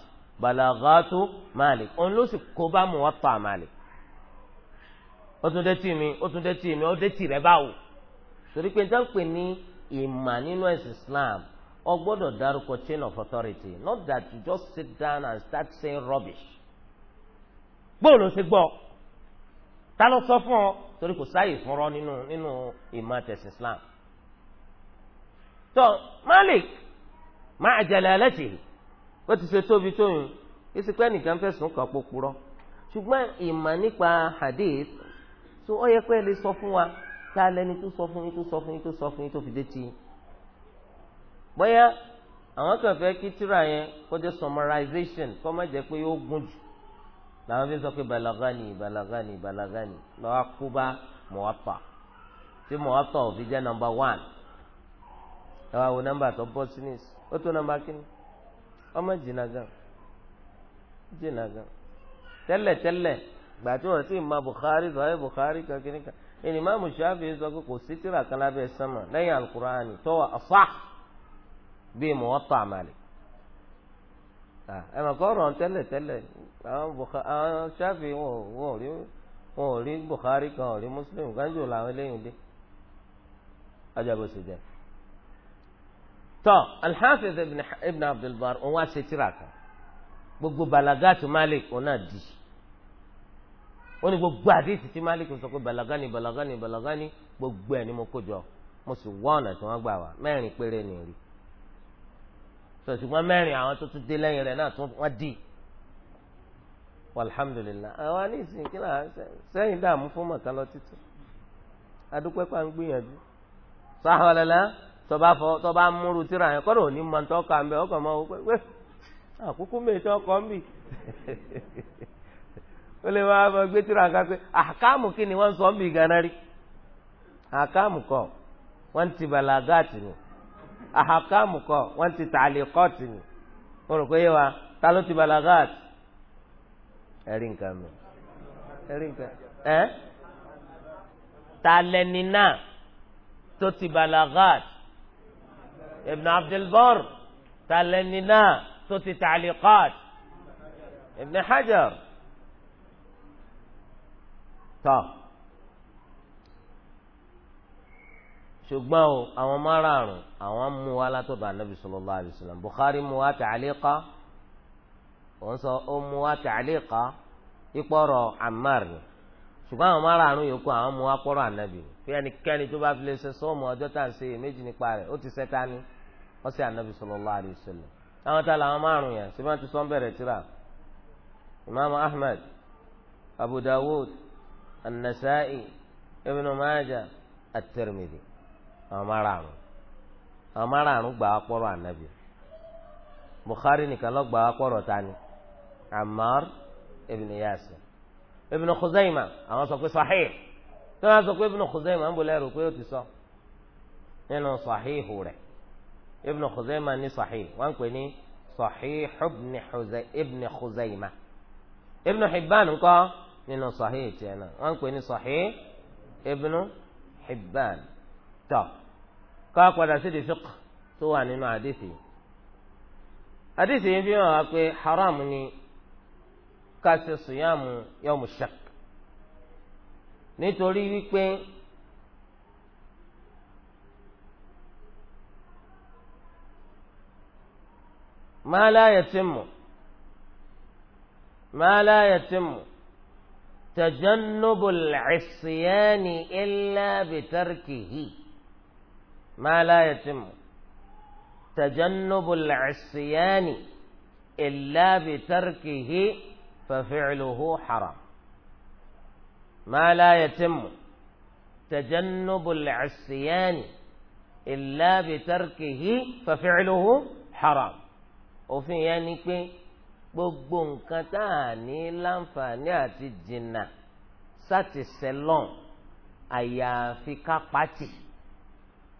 balagatu malik òun ló sì kó bá muwatta malik ó tún dẹ́tì mi ó tún dẹ́tì mi ó dẹ́tì rẹ báwo torí pé níta ń pè ní ìmà nínú ẹ̀sìn Islam o gbọ́dọ̀ dárúkọ chain of authority not that you just sit down and start saying rubbish gbóò ló ṣe gbọ́ ta ló sọ fún ọ torí kò sáàyè fúnrọ nínú nínú ìmà tẹ̀sìn Islam tó Malik máa jẹlẹ ẹlẹ́tì bó ti ṣe tóbi tóyún kí sípẹ́ nìkan fẹ̀sùn kàn pọ̀ purọ́ ṣùgbọ́n ìmà nípa hadith so ó yẹ pé ẹ lè sọ fún wa tá a lẹni tó sọ fún yín tó sọ fún yín tó sọ fún yín tó fi dé tiyín bóyá àwọn kan fẹ́ kí tírà yẹn kó jẹ́ summarization kó má jẹ́ pé yóò gùn jù làwọn fi sọ pé balagani balagani balagani lọ́wọ́ kó bá mọ̀wápà tí mọ̀wápà ò fi jẹ́ nọmba wán ẹ wá wo nọmba tó bọ́ sí ní ó tó nọmba kíni ọmọ jìnnà gan jìnnà gan tẹ́lẹ̀ tẹ́lẹ̀ gbà tí wọn sì ma Bukhari sọyẹ Bukhari kankan kan ẹni Imam Shafi'i sọ pé kò sí tírà kan lábẹ́ sánmà lẹ́yìn alukurani tọwọ afa bíi Muwatta Malik ẹ mọ̀ kọ́ ọ̀rọ̀ tẹ́lẹ̀ tẹ́lẹ̀ àwọn Shafi'i wọn ò rí wọn ò rí Bukhari kan ò rí Muslim gánjò làwọn eléyìí dé ajabo sì tọ al ibn Abdul òun wá ṣe tírà kan gbogbo balagatu Malik òun náà di. ó ní gbogbo àdéhìí tí Málíkì sọ pé balagani balagani balagani gbogbo ẹ̀ ni mo kó jọ mo sì wá ọ̀nà tí wọ́n gbà wá mẹ́rin péré ni rí sọ ṣùgbọ́n mẹ́rin àwọn tó tún dé lẹ́yìn rẹ̀ náà tún wọ́n dì alhamdulilayi àwa ní kí náà sẹ́yìn dààmú fún mọ̀ká lọ títí adúpẹ́ pa ń gbìyànjú sáhọ́lẹ́lẹ́ tọba fọ tọba múru tíra yẹn ń bẹ ọkọ̀ mọ́ ó lè wá máa gbé tíra ká pé àkàmù kí ni wọ́n sọ ń bì gánà rí àkàmù kọ wọ́n ti bàlágàtì ni àkàmù kọ wọ́n ti tàlíkọ́tì ni mo rò pé yé wa ta ló ti bàlágàtì ẹ̀rí nǹkan mi ẹ̀rí nǹkan ẹ̀ ta tó ti balagat ibn abdulbar ta lẹni náà tó ti taliqat ibn hajar tọ́ ṣùgbọ́n o àwọn márààrún àwọn mú wa látọ̀dọ̀ anabi sallallahu alaihi wasallam Bukhari mú wa ta'liqa wọ́n sọ ó mú wa ta'liqa ìpọ̀rọ̀ Ammar ni ṣùgbọ́n àwọn márààrún yòókù àwọn mú wa pọ̀rọ̀ anabi fi ẹnikẹ́ni tó bá fi lè ṣe sọ́ọ̀mù ọjọ́ tá à ń ṣe èméjì nípa rẹ̀ ó ti ṣẹ́ta ni wọ́n sì anabi sallallahu alaihi àwọn tá làwọn márùn yẹn síbẹ̀ tó sọ́n bẹ̀rẹ̀ tírà Imam Ahmad Abu Dawud an-Nasa'i Ibn Majah at-Tirmidhi àwọn márààrún àwọn márààrún gbà akpọrọ anabi Bukhari nìkan lọ gbà akpọrọ tani Ammar Ibn Yasir Ibn Khuzaimah àwọn sọ pé sahih tí wọn sọ pé Ibn Khuzaimah ń bọ lẹrù pé ó ti sọ nínú sahihu rẹ̀ Ibn Khuzaimah ní sahih wọn pè ní sahih Ibn Khuzaimah Ibn Hibban ńkọ́ nínú sahih tiẹ̀ náà wọ́n ń pè ní sahih ibnu hibban tọ́ ká padà sí di fiqh tó wà nínú àdìsí àdìsí yìí fi hàn wá pé haram ni ká ṣe sùyàmù shak nítorí wípé. ما لا يتم ما لا يتم tajannubul isiyani illa bitarkihi ma la yatimu tajannubul isiyani illa bitarkihi ففعله حرام ما لا يتم تجنب العصيان إلا بتركه ففعله حرام òfin yẹn ni pé gbogbo nǹkan tá a ní láǹfààní àti jìnnà sáti sẹlọ̀n àyàfi kápátì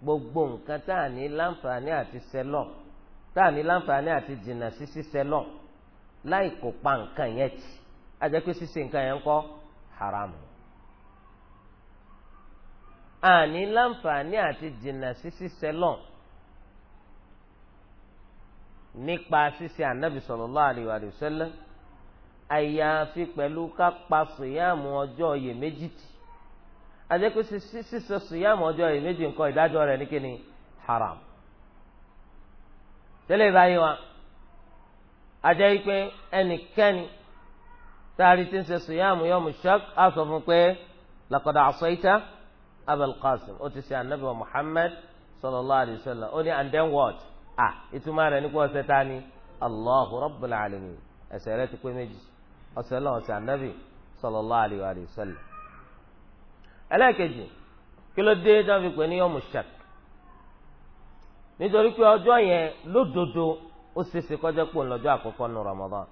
gbogbo nǹkan tá a ní láǹfààní àti sẹlọ̀n tá a ní láǹfààní àti jìnnà sísí sẹlọ̀n láì kó pa nǹkan yẹn tì á jẹ́ pé ṣíṣe nǹkan yẹn ń kọ́ haram a ní láǹfààní àti jìnnà sísí sẹlọ̀n nípa ṣíṣe ànábì sallallahu alaihi wa sallam àyàfi pẹ̀lú kápá sòyàmù ọjọ́ oyè méjì tì àjẹpẹ́ sísọ sòyàmù ọjọ́ oyè méjì nǹkan ìdájọ́ rẹ̀ ní kíni haram tẹ́lẹ̀ báyìí wa àjẹ́ pé ẹnikẹ́ni táàrí tí ń ṣe sòyàmù yọmù shak á sọ fún pé laqad asaita Abul Qasim ó ti ṣe ànábì wa Muhammad sallallahu alaihi wa ó ní and then what. A ituma rẹ̀ ní kó ọsẹ ta ni allahu rabbul alamin ẹ̀ṣẹ̀ rẹ̀ ti pé méjì ọsẹ lọ ọsẹ anabi sallallahu alayhi wa sallam. ẹlẹ́ẹ̀kejì kí ló dé fi pè ní yọmù shak nítorí pé ọjọ́ yẹn lódodo ó ṣeéṣe kọjá pò lọ́jọ́ àkọ́kọ́ nu Ramadan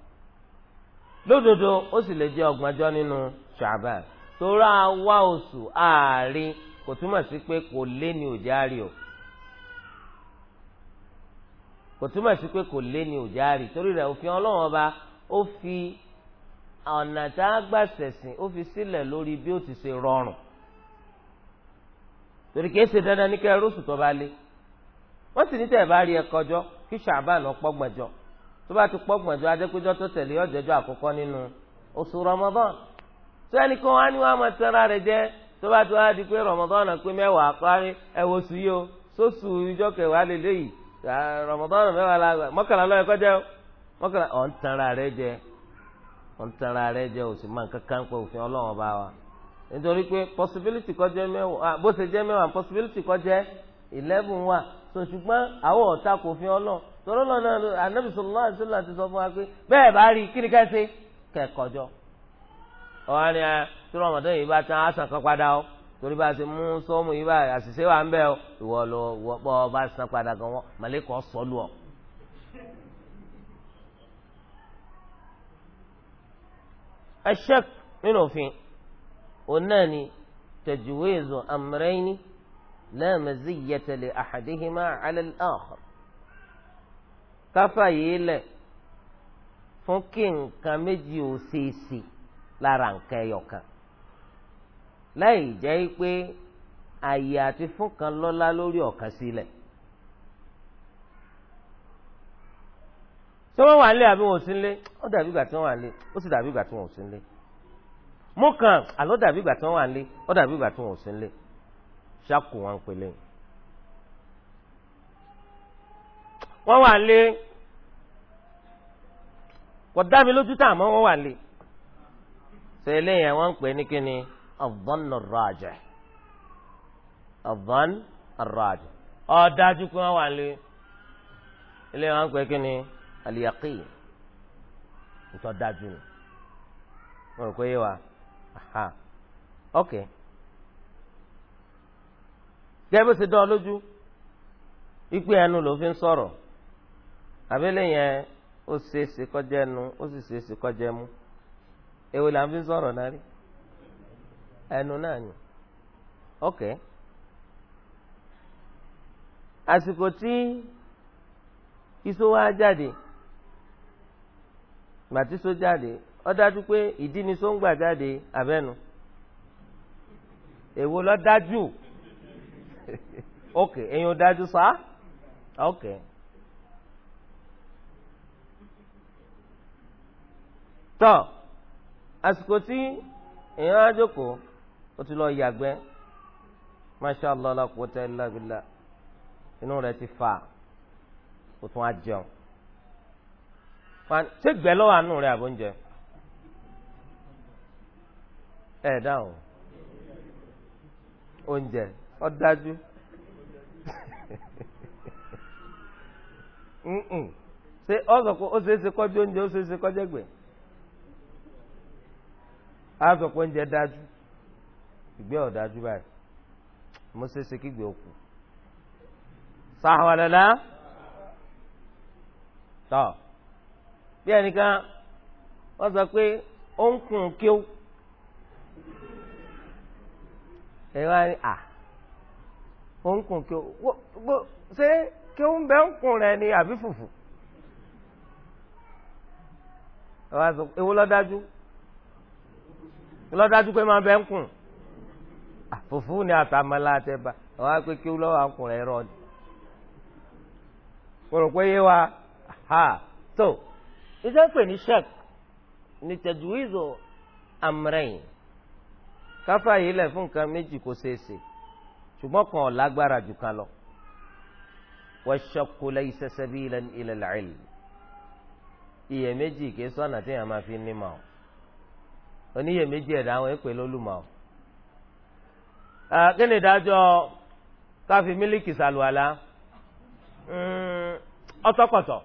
lódodo ó sì lè jẹ́ ọgbọ̀njọ́ nínú Sha'ban torá wá oṣù ààrin kò túmọ̀ sí pé kò lé kò túmọ̀ sí pé kò lé ní òjárì torí rẹ̀ òfin ọlọ́wọ́n ọba ó fi ọ̀nà tá a gbà sẹ̀sìn ó fi sílẹ̀ lórí bí ó ti ṣe rọrùn torí kìí ṣe dandan ní kẹ́ rúṣù tó bá lé wọ́n sì ní tẹ̀ bá rí ẹ kọjọ́ kí ṣàbàn ọpọ́gbọ̀njọ́ tó bá ti pọ́gbọ̀njọ́ adékúnjọ́ tó tẹ̀lé ọ̀jẹ̀jọ́ àkọ́kọ́ nínú oṣù Ramadan tó ẹnì kan wá ní wàá máa tẹ́ra rẹ̀ jẹ́ tó bá ti wá di pé Ramadan pé mẹ́wàá parí ẹ̀wọ̀ yìí o sóṣù ìjọ lélẹ́yìí Ramadan mẹ́wàá la gbà mọ́kànlá lọ́yẹ kọjá o mọ́kànlá ọ̀ ń tanra rẹ jẹ ọ̀ ń tanra rẹ jẹ o sì máa ń kankan pé òfin ọlọ́run bá wa nítorí pé possibility kọjá mẹ́wàá bó ṣe jẹ́ mẹ́wàá possibility kọjá eleven wa. so ṣùgbọ́n àwọn ọ̀tá kò fi ọlọ́run tọ́lọ́ náà anabi sallallahu alaihi wasallam ti sọ fún wa pé bẹ́ẹ̀ bá rí kí ni ká ṣe kẹ́kọ̀ọ́jọ́ ọ̀hánìyà tí Ramadan yìí bá tán á sàn kan padà ọ́ torí bá a ṣe mú sọ́ọ̀mù yìí báyìí àṣìṣe wà ń bẹ̀ ọ́ ìwọ lọ wọ́ pọ́ ọ bá san padà gan wọ́n màlẹ́kọ̀ọ́ sọ́lù ọ́. ẹṣẹ́k nínú òfin òun náà ni tajwizu amrayni la maziyyata li ahadihima káfà yìí lẹ̀ fún kí nǹkan méjì ò ṣeé ṣe lára nǹkan ẹyọ láì jẹ́ pé àyè àti fún kan lọ́lá lórí ọ̀kan sílẹ̀. ṣé wọ́n wà ń lé àbí wọn ò sí ń lé ó dàbí ìgbà tí wọ́n wà ń lé ó sì dàbí ìgbà tí wọ́n ò sí ń lé mú kan àlọ́ dàbí ìgbà tí wọ́n wà ń ó dàbí ìgbà tí wọ́n ò sí ń lé wọn ń wọ́n wà ń kò dá mi lójú tá àmọ́ wọ́n wà ń lé ṣe eléyìí wọ́n ń pè é ní kíni. الظن الراجح الظن الراجح ó dájú kí wọ́n wà lé ilé wọn pé kí ni al-yaqin ìtọ́ dán lójú ìpè ẹnu ló fi ń sọ̀rọ̀ àbẹ́lẹ̀ yẹn ó ṣe kọjá ẹnu ó sì kọjá ẹmu èwo là ń fi sọ̀rọ̀ náà ẹnu náà ni ok àsìkò tí iṣó wa jáde gbàtí iṣó jáde ó dájú pé ìdí ni iṣó ń gbà jáde abẹ́nu èwo ló dájú ok èyàn dájú sá ok. tọ́ àsìkò tí èèyàn á jókòó ó ti lọ yàgbẹ́ masha allah la quwwata illa billah inú rẹ̀ ti fà ó tún á jẹun ṣé gbẹ lọ́wọ́ àánú rẹ̀ àbóúnjẹ ẹ̀ dáhùn oúnjẹ ọ dájú ṣe ọ sọ pé ó ṣeé ṣe kọjú oúnjẹ ó ṣeé ṣe kọjẹ gbẹ á sọ pé oúnjẹ dájú ìgbẹ́ ọ̀dájú báyìí mo ṣe ṣe kígbe òkú sàwàlẹ́lá tọ́ bí ẹnìkan wọ́n sọ pé ó ń kun kí ó ẹ wá ní à ó ń kun kí ó ṣé kí ó ń bẹ́ ń kun rẹ ni àbí fùfù ẹ wá sọ ewu lọ́dájú lọ́dájú pé máa bẹ́ ń kun fùfú ni àtàmọ́lá àtẹ̀bà àwọn akékeré lọ́wọ́ àkùnrin ẹ̀rọ ni. kòròpé yé wa ha tó iṣẹ́ pè ní sheik ní tajwizu amrẹ́yìn káfá yìí lẹ̀ fún nǹkan méjì kò ṣeé ṣe ṣùgbọ́n kan lágbára jù kan lọ. wash-shakku laysa sabilan ila al-ilm iyèméjì máa fi ní ma o oníyèméjì ẹ̀dá àwọn èpè lólùmọ̀ o kí ni ìdájọ́ káfí mílíkì sàlùwàlà hmm, ọtọkọtọ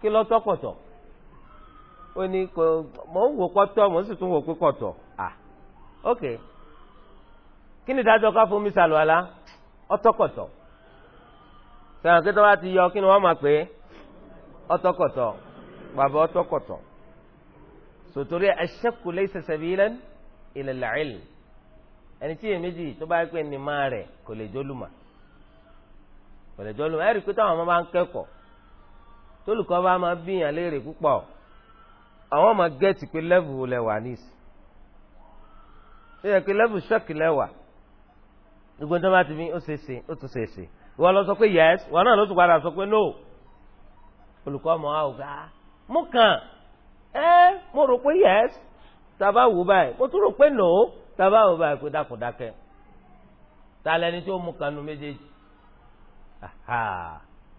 kí ló tọkọtọ ó ní kò mò ń wò kọtọ mò ń sì tún wò pé kọtọ ok kí ni ìdájọ́ káfí omi sàlùwàlà ọtọkọtọ sọ̀rọ̀ kí tó bá ti yọ kí ni wọ́n máa pè é ọtọkọtọ bàbá ọtọkọtọ sòtòrí ẹ̀ṣẹ́kù lẹ́sẹ̀ sẹ̀bílẹ́ni ilal ilm ẹni tí èméjì tó bá pè ní máa rẹ̀ kò lè jólùmọ̀ kò lè jólùmọ̀ ẹ̀rí pé táwọn ọmọ bá ń kẹ́kọ̀ọ́ tólùkọ́ bá máa bíyàn léèrè púpọ̀ àwọn ọmọ gẹ́ẹ̀tì pé lẹ́vù lẹ́wà níìsì ṣé yẹ pé lẹ́vù ṣọ́ọ̀kì lẹ́wà gbogbo tó bá ti fi ó ṣe ṣe ó tún ṣe ṣe ìwọ lọ sọ pé yes ìwọ náà ló tún padà sọ pé no olùkọ́ ọmọ wa ò gbà á mú kàn ẹ́ mo rò pé yes tàbá wò báyìí mo tún rò pé nò ó tàbá wò báyìí pé dákúndákẹ́ ta lẹni tí ó mú kanu méjèèjì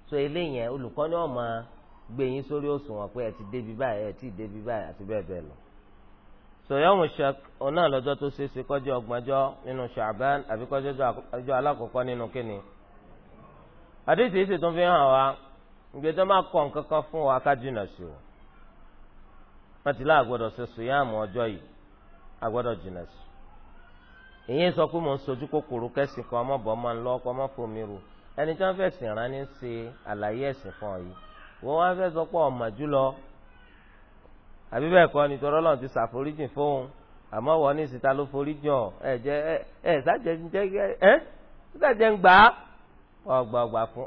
so eléyẹn olùkọ́ ni wọ́n máa gbé yín sórí òṣùwọ̀n pé ẹ ti débi báyìí ẹ ti débi báyìí àti bẹ́ẹ̀ bẹ́ẹ̀ lọ. sọ̀yọ́mù shak ọ̀nà lọ́jọ́ tó ṣe é ṣe kọjọ́ ọgbọ̀njọ́ nínú Sha'ban àbí kọjọ́ ọjọ́ alákọ̀ọ́kọ́ nínú kínní. àdéhìí ṣe tó fi hàn wá ìgbé máa kọ́ nǹkan kan fún wa ká jìnnà sí o. wọ́n ti láàgbọ́dọ̀ ṣe sùyàmù ọjọ́ yìí àgbọ́dọ̀ jìnnà sí ìyẹn sọ pé mò ń sojú kòkòrò kan ọmọbọ ọkọ ọmọ ru ẹni tí rán ní ṣe àlàyé ẹ̀sìn fún ọ yìí wá sọ pé ọmọ jùlọ àbí ti ṣàforíjìn fóun ọ ẹ ẹ ẹ sájẹ ẹ sájẹ ń gbà fún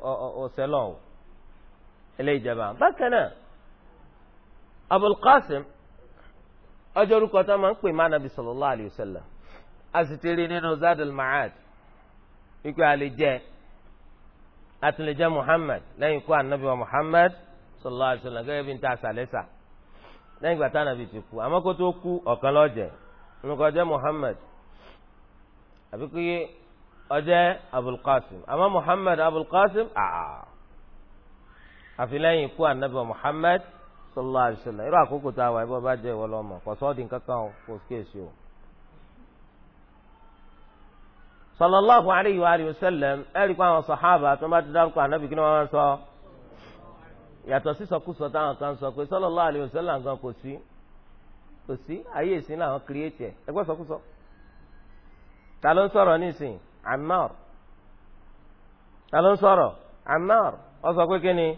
bákan Abul Qasim ọjọ́ orúkọ tó máa ń pè má nàbì sallallahu alayhi wa sallam a sì ti rí nínú Zadul Ma'ad ikú àlejẹ àtúnlẹ̀jẹ́ Muhammad lẹ́yìn ikú ànábì wa Muhammad sallallahu alayhi wa sallam gẹ́gẹ́ bí n ta àṣàlẹ́sà lẹ́yìn ìgbà tá ànábì ti kú àmọ́ kó tó kú ọ̀kan lọ́jẹ̀ nǹkan ọjẹ́ Muhammad àbí kí ọjẹ́ Abul Qasim àmọ́ Muhammad Abul àfi lẹ́yìn ikú ànábì wa Muhammad sallallahu alaihi wasallam irú àkókò tá a wà ibà bá jẹ ìwọ lọmọ kò sọọdì kankan kò kéèsì o. sallallahu alaihi wa alihi wasallam ẹrí kó àwọn sàhábà tó bá ti dárúkọ ànábì kí ni wọn máa ń sọ yàtọ̀ sí sọkúsọ táwọn kan sọ pé sallallahu alaihi wasallam gan kò sí kò sí ayé ìsìn làwọn kìrìẹ́tì ẹ̀ ẹgbẹ́ sọkúsọ ta ló ń sọ̀rọ̀ nísìn Ammar ta ló ń sọ̀rọ̀ Ammar ó sọ pé kí ni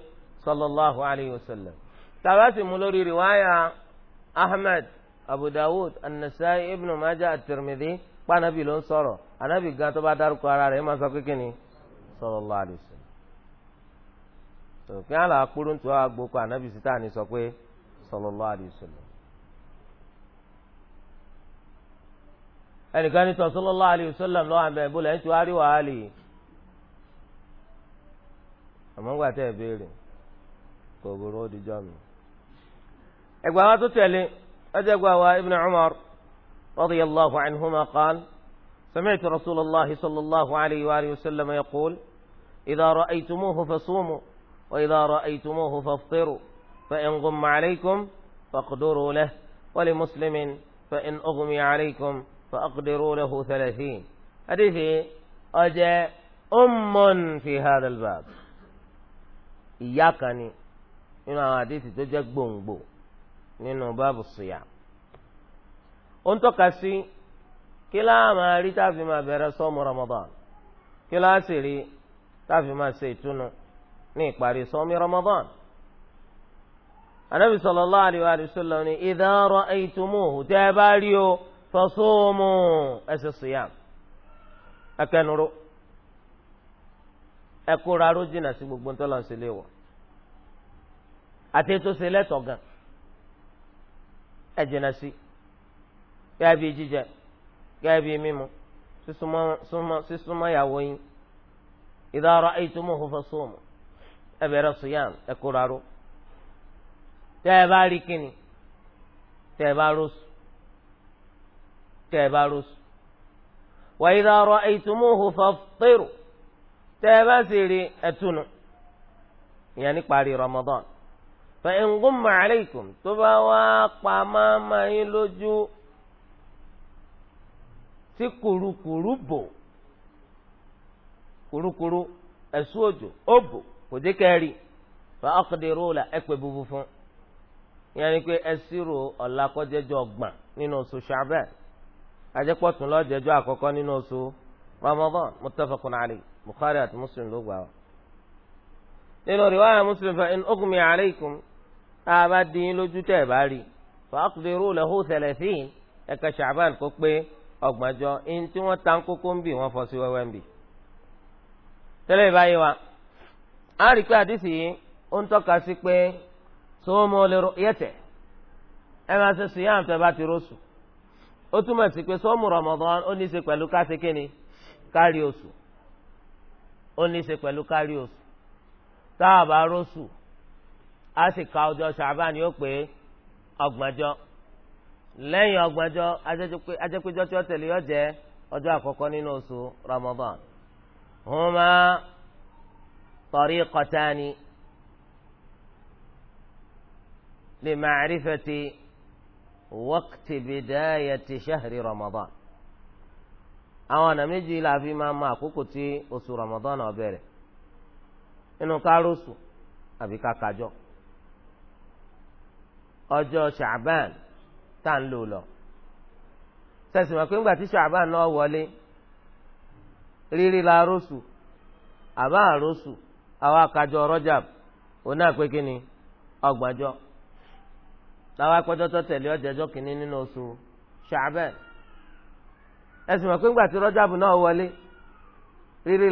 sallallahu alaihi wasallam tàbátì mú lórí riwaya ahmed abu dawud anasai ibn majah at-tirmidhi pàànàbì ló ń sọ̀rọ̀ ànàbì gan tó bá dárúkọ ara rẹ̀ ẹ máa sọ pé kí ni sallallahu alaihi wasallam òkè àlà akpọ̀rọ̀ ntọ́ agbókò ànábì síta ni sọ pé sallallahu alaihi wasallam. ẹnìkan ní tọ́ sallallahu alaihi wasallam lọ́wọ́ àbẹ̀ bó lẹ́yìn tí wàá rí wàá lè. àmọ́ ń gbà tẹ́ ẹ béèrè kò burú ó dijọ́ mi. اقوى تتلي ادقوى ابن عمر رضي الله عنهما قال سمعت رسول الله صلى الله عليه وآله وسلم يقول إذا رأيتموه فصوموا وإذا رأيتموه فافطروا فإن غم عليكم فاقدروا له ولمسلم فإن أغمي عليكم فأقدروا له ثلاثين هذه أجا أم في هذا الباب إياكني إن هذه تجك بونبو nínú báàbù sùyà ó ń tọ́ka sí kí láàmà rí táàfin máa bẹ̀rẹ̀ Ramadan kí láàsì rí táàfin máa ṣe ìtúnu ní ìparí Ramadan anabi sallallahu alayhi wa sallam ni idha ra'aytumuhu tẹ́ ẹ bá rí o fasumu ẹsẹ̀ siyam ẹkẹnuru ẹkúra arújìnà sí gbogbo ntọ́lọ́nsẹ̀ léwọ̀ àti ètò sílẹ̀ tọ̀gàn. ẹ jìnnà sí gẹ́gẹ́ bí jíjẹ gẹ́gẹ́ bí mímu sísúnmọ́ ìyàwó yín idha ra'aytumuhu fasumu ẹ bẹ̀rẹ̀ siyam ẹ tẹ́ ẹ bá rí kíni tẹ́ ẹ bá rósù tẹ́ ẹ bá wa idha ra'aytumuhu faftiru tẹ́ ẹ bá sì rí ẹtùnú ìyẹn Ramadan. fẹ̀yìn gúnmà aleikum tó bá wá pa máma yín lójú tí kùrukùru bò kùrukùru ẹ̀sùn òjò ó bò kò dé kẹ́rì fa ẹ fún yẹn ni pé ọ̀la kọ́jẹ́jọ́ ọgbọ̀n nínú oṣù ṣàbẹ̀ ajẹ́pọ̀tún lọ́jẹ́jọ́ àkọ́kọ́ nínú oṣù Ramadan Bukhari Muslim ló gbà wá. nínú Muslim fa in tá a bá dín in lójú tẹ̀ bá rí fàákùdérò lẹ́hó sẹlẹ̀sìn ẹ̀ka ṣàbàn kó pé ọgbọ̀njọ́ ẹni tí wọ́n ta kókó ń bì wọ́n fọ́ sí wẹ́wẹ́ ń bì. tẹ́lẹ̀ báyìí wa a rí pé àdìsí yìí ó ń tọ́ka sí pé sọ́mọ́ lè yẹ̀tẹ̀ ẹ máa ṣe sùn yáàmù tẹ́ bá ti rọ́ṣù ó túmọ̀ sí pé sọ́mù Ramadan ó ní í ṣe pẹ̀lú káṣe kíni kárí oṣù ó ní í ṣe pẹ̀lú kárí oṣù tá a a sì ka ọjọ́ ṣàbáni ó pé ọgbọ̀njọ́ lẹ́yìn ọgbọ̀njọ́ ajẹ́pẹ́jọ́ tí ó tẹ̀lé yọ jẹ́ ọjọ́ àkọ́kọ́ nínú oṣù Ramadan huma tariqatani li ma'rifati waqti ti shahri Ramadan àwọn ọ̀nà méjì la fi máa ma àkókò tí oṣù Ramadan náà bẹ̀rẹ̀ nínú kárọ̀sù àbí kákájọ́. ọjọ́ ṣàbán tá ń lọ sẹ̀sìn mọ̀ pé ńgbà tí ṣàbán náà wọlé rírí la rọ́ṣù àbá àrọ́ṣù àwọn òun náà pé kí ni ọgbọ̀njọ́ làwọn akpọ́jọ́ tó tẹ̀lé ọjọ́jọ́ kìíní nínú oṣù ṣàbẹ̀ ẹ̀sìn pé ńgbà tí náà wọlé rírí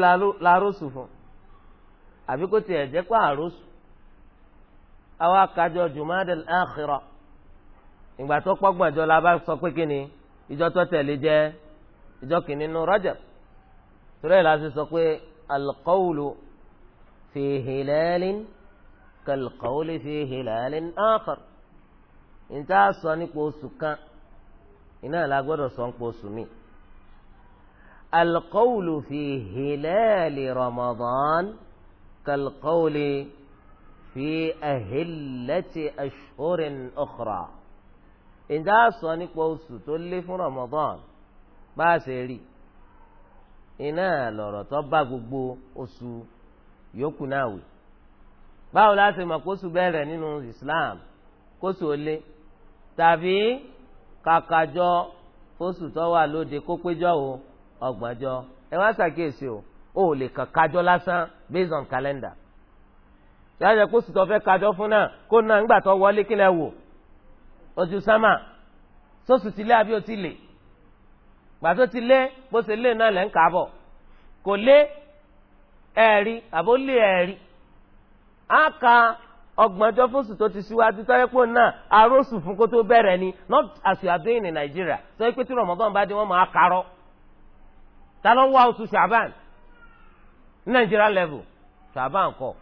àwa kájọ jùmọ́dé àkìrọ̀ ìgbà tó pọ́gbọ̀n jọ la bá sọ pé kí ni ìjọ tó tẹ̀lé jẹ́ ìjọ kìíní nu Rajab torí ẹ̀ la ti sọ pé alqawlu fi hilalin kalqawli fi hilalin akhar níta sọ nípa oṣù kan iná la gbọ́dọ̀ sọ nípa oṣù mi alqawlu fi hilali Ramadan kalqawli fi ahillati ashhurin ukhra ǹjẹ́ a sọ nípa oṣù tó lé fún Ramadan bá a ṣe rí iná lọ̀rọ̀ tó bá gbogbo oṣù yòókù náà wì báwo la ṣe mọ̀ kóṣù bẹ̀rẹ̀ nínú Islam kóṣù olé tàbí kàkàjọ fóṣù tó wà lóde kó péjọ o ọgbọ̀njọ ẹ wá ṣàkíyèsí o ò lè kàkàjọ lásán based on calendar yàtọ̀ kó sì tọ́ fẹ́ fún náà kó náà ńgbà tó wọlé kílẹ̀ wò ojú sámà sóòsù ti lé àbí o ti lè gbà eri ti lé bó ṣe lé náà lẹ́ ń kò ka ọgbọ̀njọ́ ti síwájú náà arósù fún ni not as you are doing in Nigeria tó pé tí ta ló ń wá oṣù level kọ.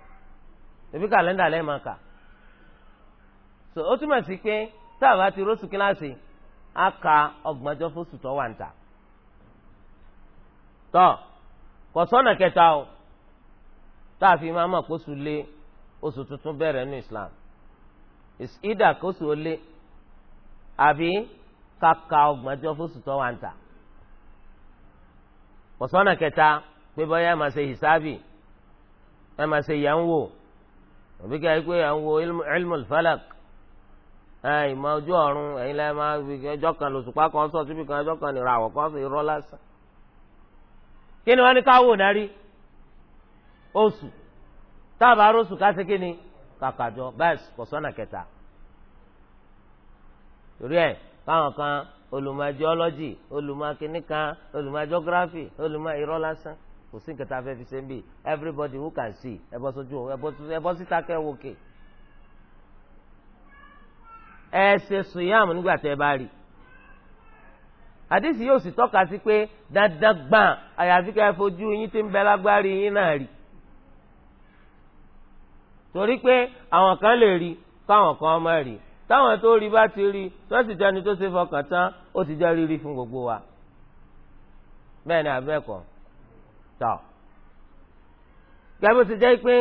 tẹ̀bí kàlẹ́ndà lẹ́ẹ̀ máa kà so ó túmọ̀ sí pé tá a bá ti róṣù kíláàsì á ka ọgbọ̀njọ́ fóṣù tó wà ń tà tọ́ kò sọ́nà kẹta o tá a fi máa mọ̀ kóṣù lé oṣù tuntun bẹ̀rẹ̀ nínú Islam ìdá kóṣù ó lé àbí ká ka ọgbọ̀njọ́ fóṣù tó wà ń tà kò kẹta pé bọ́yá ẹ máa ṣe hìsáàbì ẹ máa ṣe yẹn òbí ká yí pé à ń wo ilmul falak ìmọ̀ ojú ọ̀run ẹ̀yin lẹ́yìn máa fi ẹjọ́ kan lòṣùpá kan sọ síbi kan ẹjọ́ kan nìra àwọ̀ kan sì lásán kí ni wọ́n ní káwọ́ nárí oṣù táàbà arósù kásí kí ni kàkàjọ bẹ́ẹ̀sì kò sọ́nà kẹta torí ẹ̀ káwọn kan olùmọ̀ geology olùmọ̀ kìnìkan olùmọ̀ geography olùmọ̀ irọ́ lásán kò sí nǹkan tá a fẹ́ fi ṣe ń bì everybody who can see ẹ bọ́ sójú ẹ bọ́ síta kẹ́ wò kè ẹ ṣe sùyàmù nígbà tẹ́ ẹ bá rí àdìsí yóò sì tọ́ka sí pé dandan gbàn àyàfi ká ẹ fojú yín tí ń bẹ lágbárí yín náà rí torí pé àwọn kan lè rí káwọn kan má rí táwọn tó rí bá ti rí tó sì jẹ́ni tó ṣe fọkàn tán ó ti jẹ́ rírí fún gbogbo wa bẹ́ẹ̀ ni àbẹ́ẹ̀kọ́ tọ́ gbàgbé ti jẹ́ pé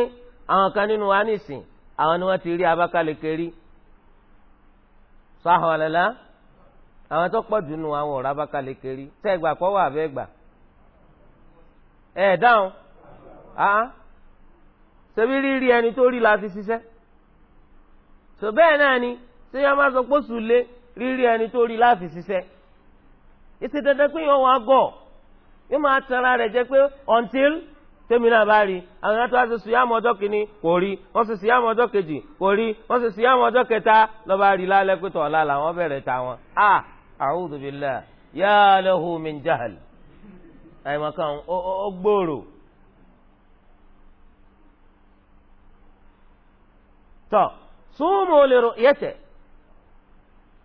àwọn kan nínú wa nìsín àwọn ni wọ́n ti rí Abakaliki rí sáhùn àlẹ́lá àwọn tó pọ̀ jù nù àwọn ọ̀rọ̀ Abakaliki rí tẹ́ ẹgbà kọ́ wà abẹ́ gbà ẹ̀ dáhùn ṣebí rírí ẹni tó rí la fi ṣiṣẹ́ tó bẹ́ẹ̀ náà ni ṣé yọ máa sọ pé sùn lé rírí ẹni tó rí la fi ṣiṣẹ́ ìṣe pé yọ wọn gọ̀ọ́. yóò ma tẹ̀ra rẹ̀ jẹ́ pé until tẹ́mi náà bá rí àwọn yàtọ̀ àti sùyàmù ọjọ́ kìíní kò rí wọ́n sì sùyàmù ọjọ́ kejì kò rí wọ́n sì sùyàmù ọjọ́ kẹta lọ́ba rí lálẹ́ pẹ̀tọ̀ ta wọn. a a'udhu billahi ya lahu min jahl àyèmọ̀kan ó gbòòrò. tọ́ súnmù lè rò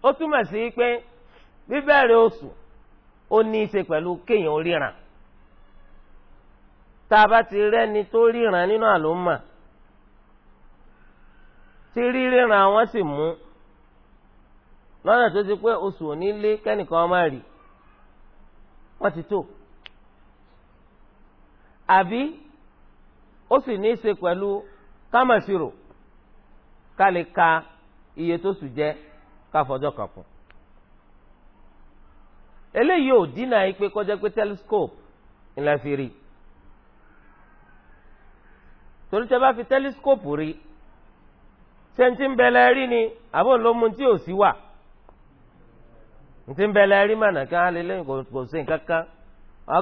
ó túmọ̀ sí pé ó ní í ṣe pẹ̀lú kéèyàn ríran tá a bá ti rẹ́ni tó ríran nínú àlùmọ̀ tí ríran wọ́n sì mú lọ́nà tó ti pé oṣù òní lé kẹ́nìkan má rí wọ́n ti tó àbí ó sì ní í ṣe pẹ̀lú kámẹ́sìrò ká lè ka iye tó sùn jẹ́ ká fọjọ́ kan kù. eléyìí ò dínà yìí pé kọjá pé telescope ńlá fi rí torí tẹ bá fi telescope rí sẹ́ńtì ń rí ni àbọ̀ ló mu tí ò sí wà ntí ń rí mànà kí wọ́n lé lẹ́yìn kò sí nǹkan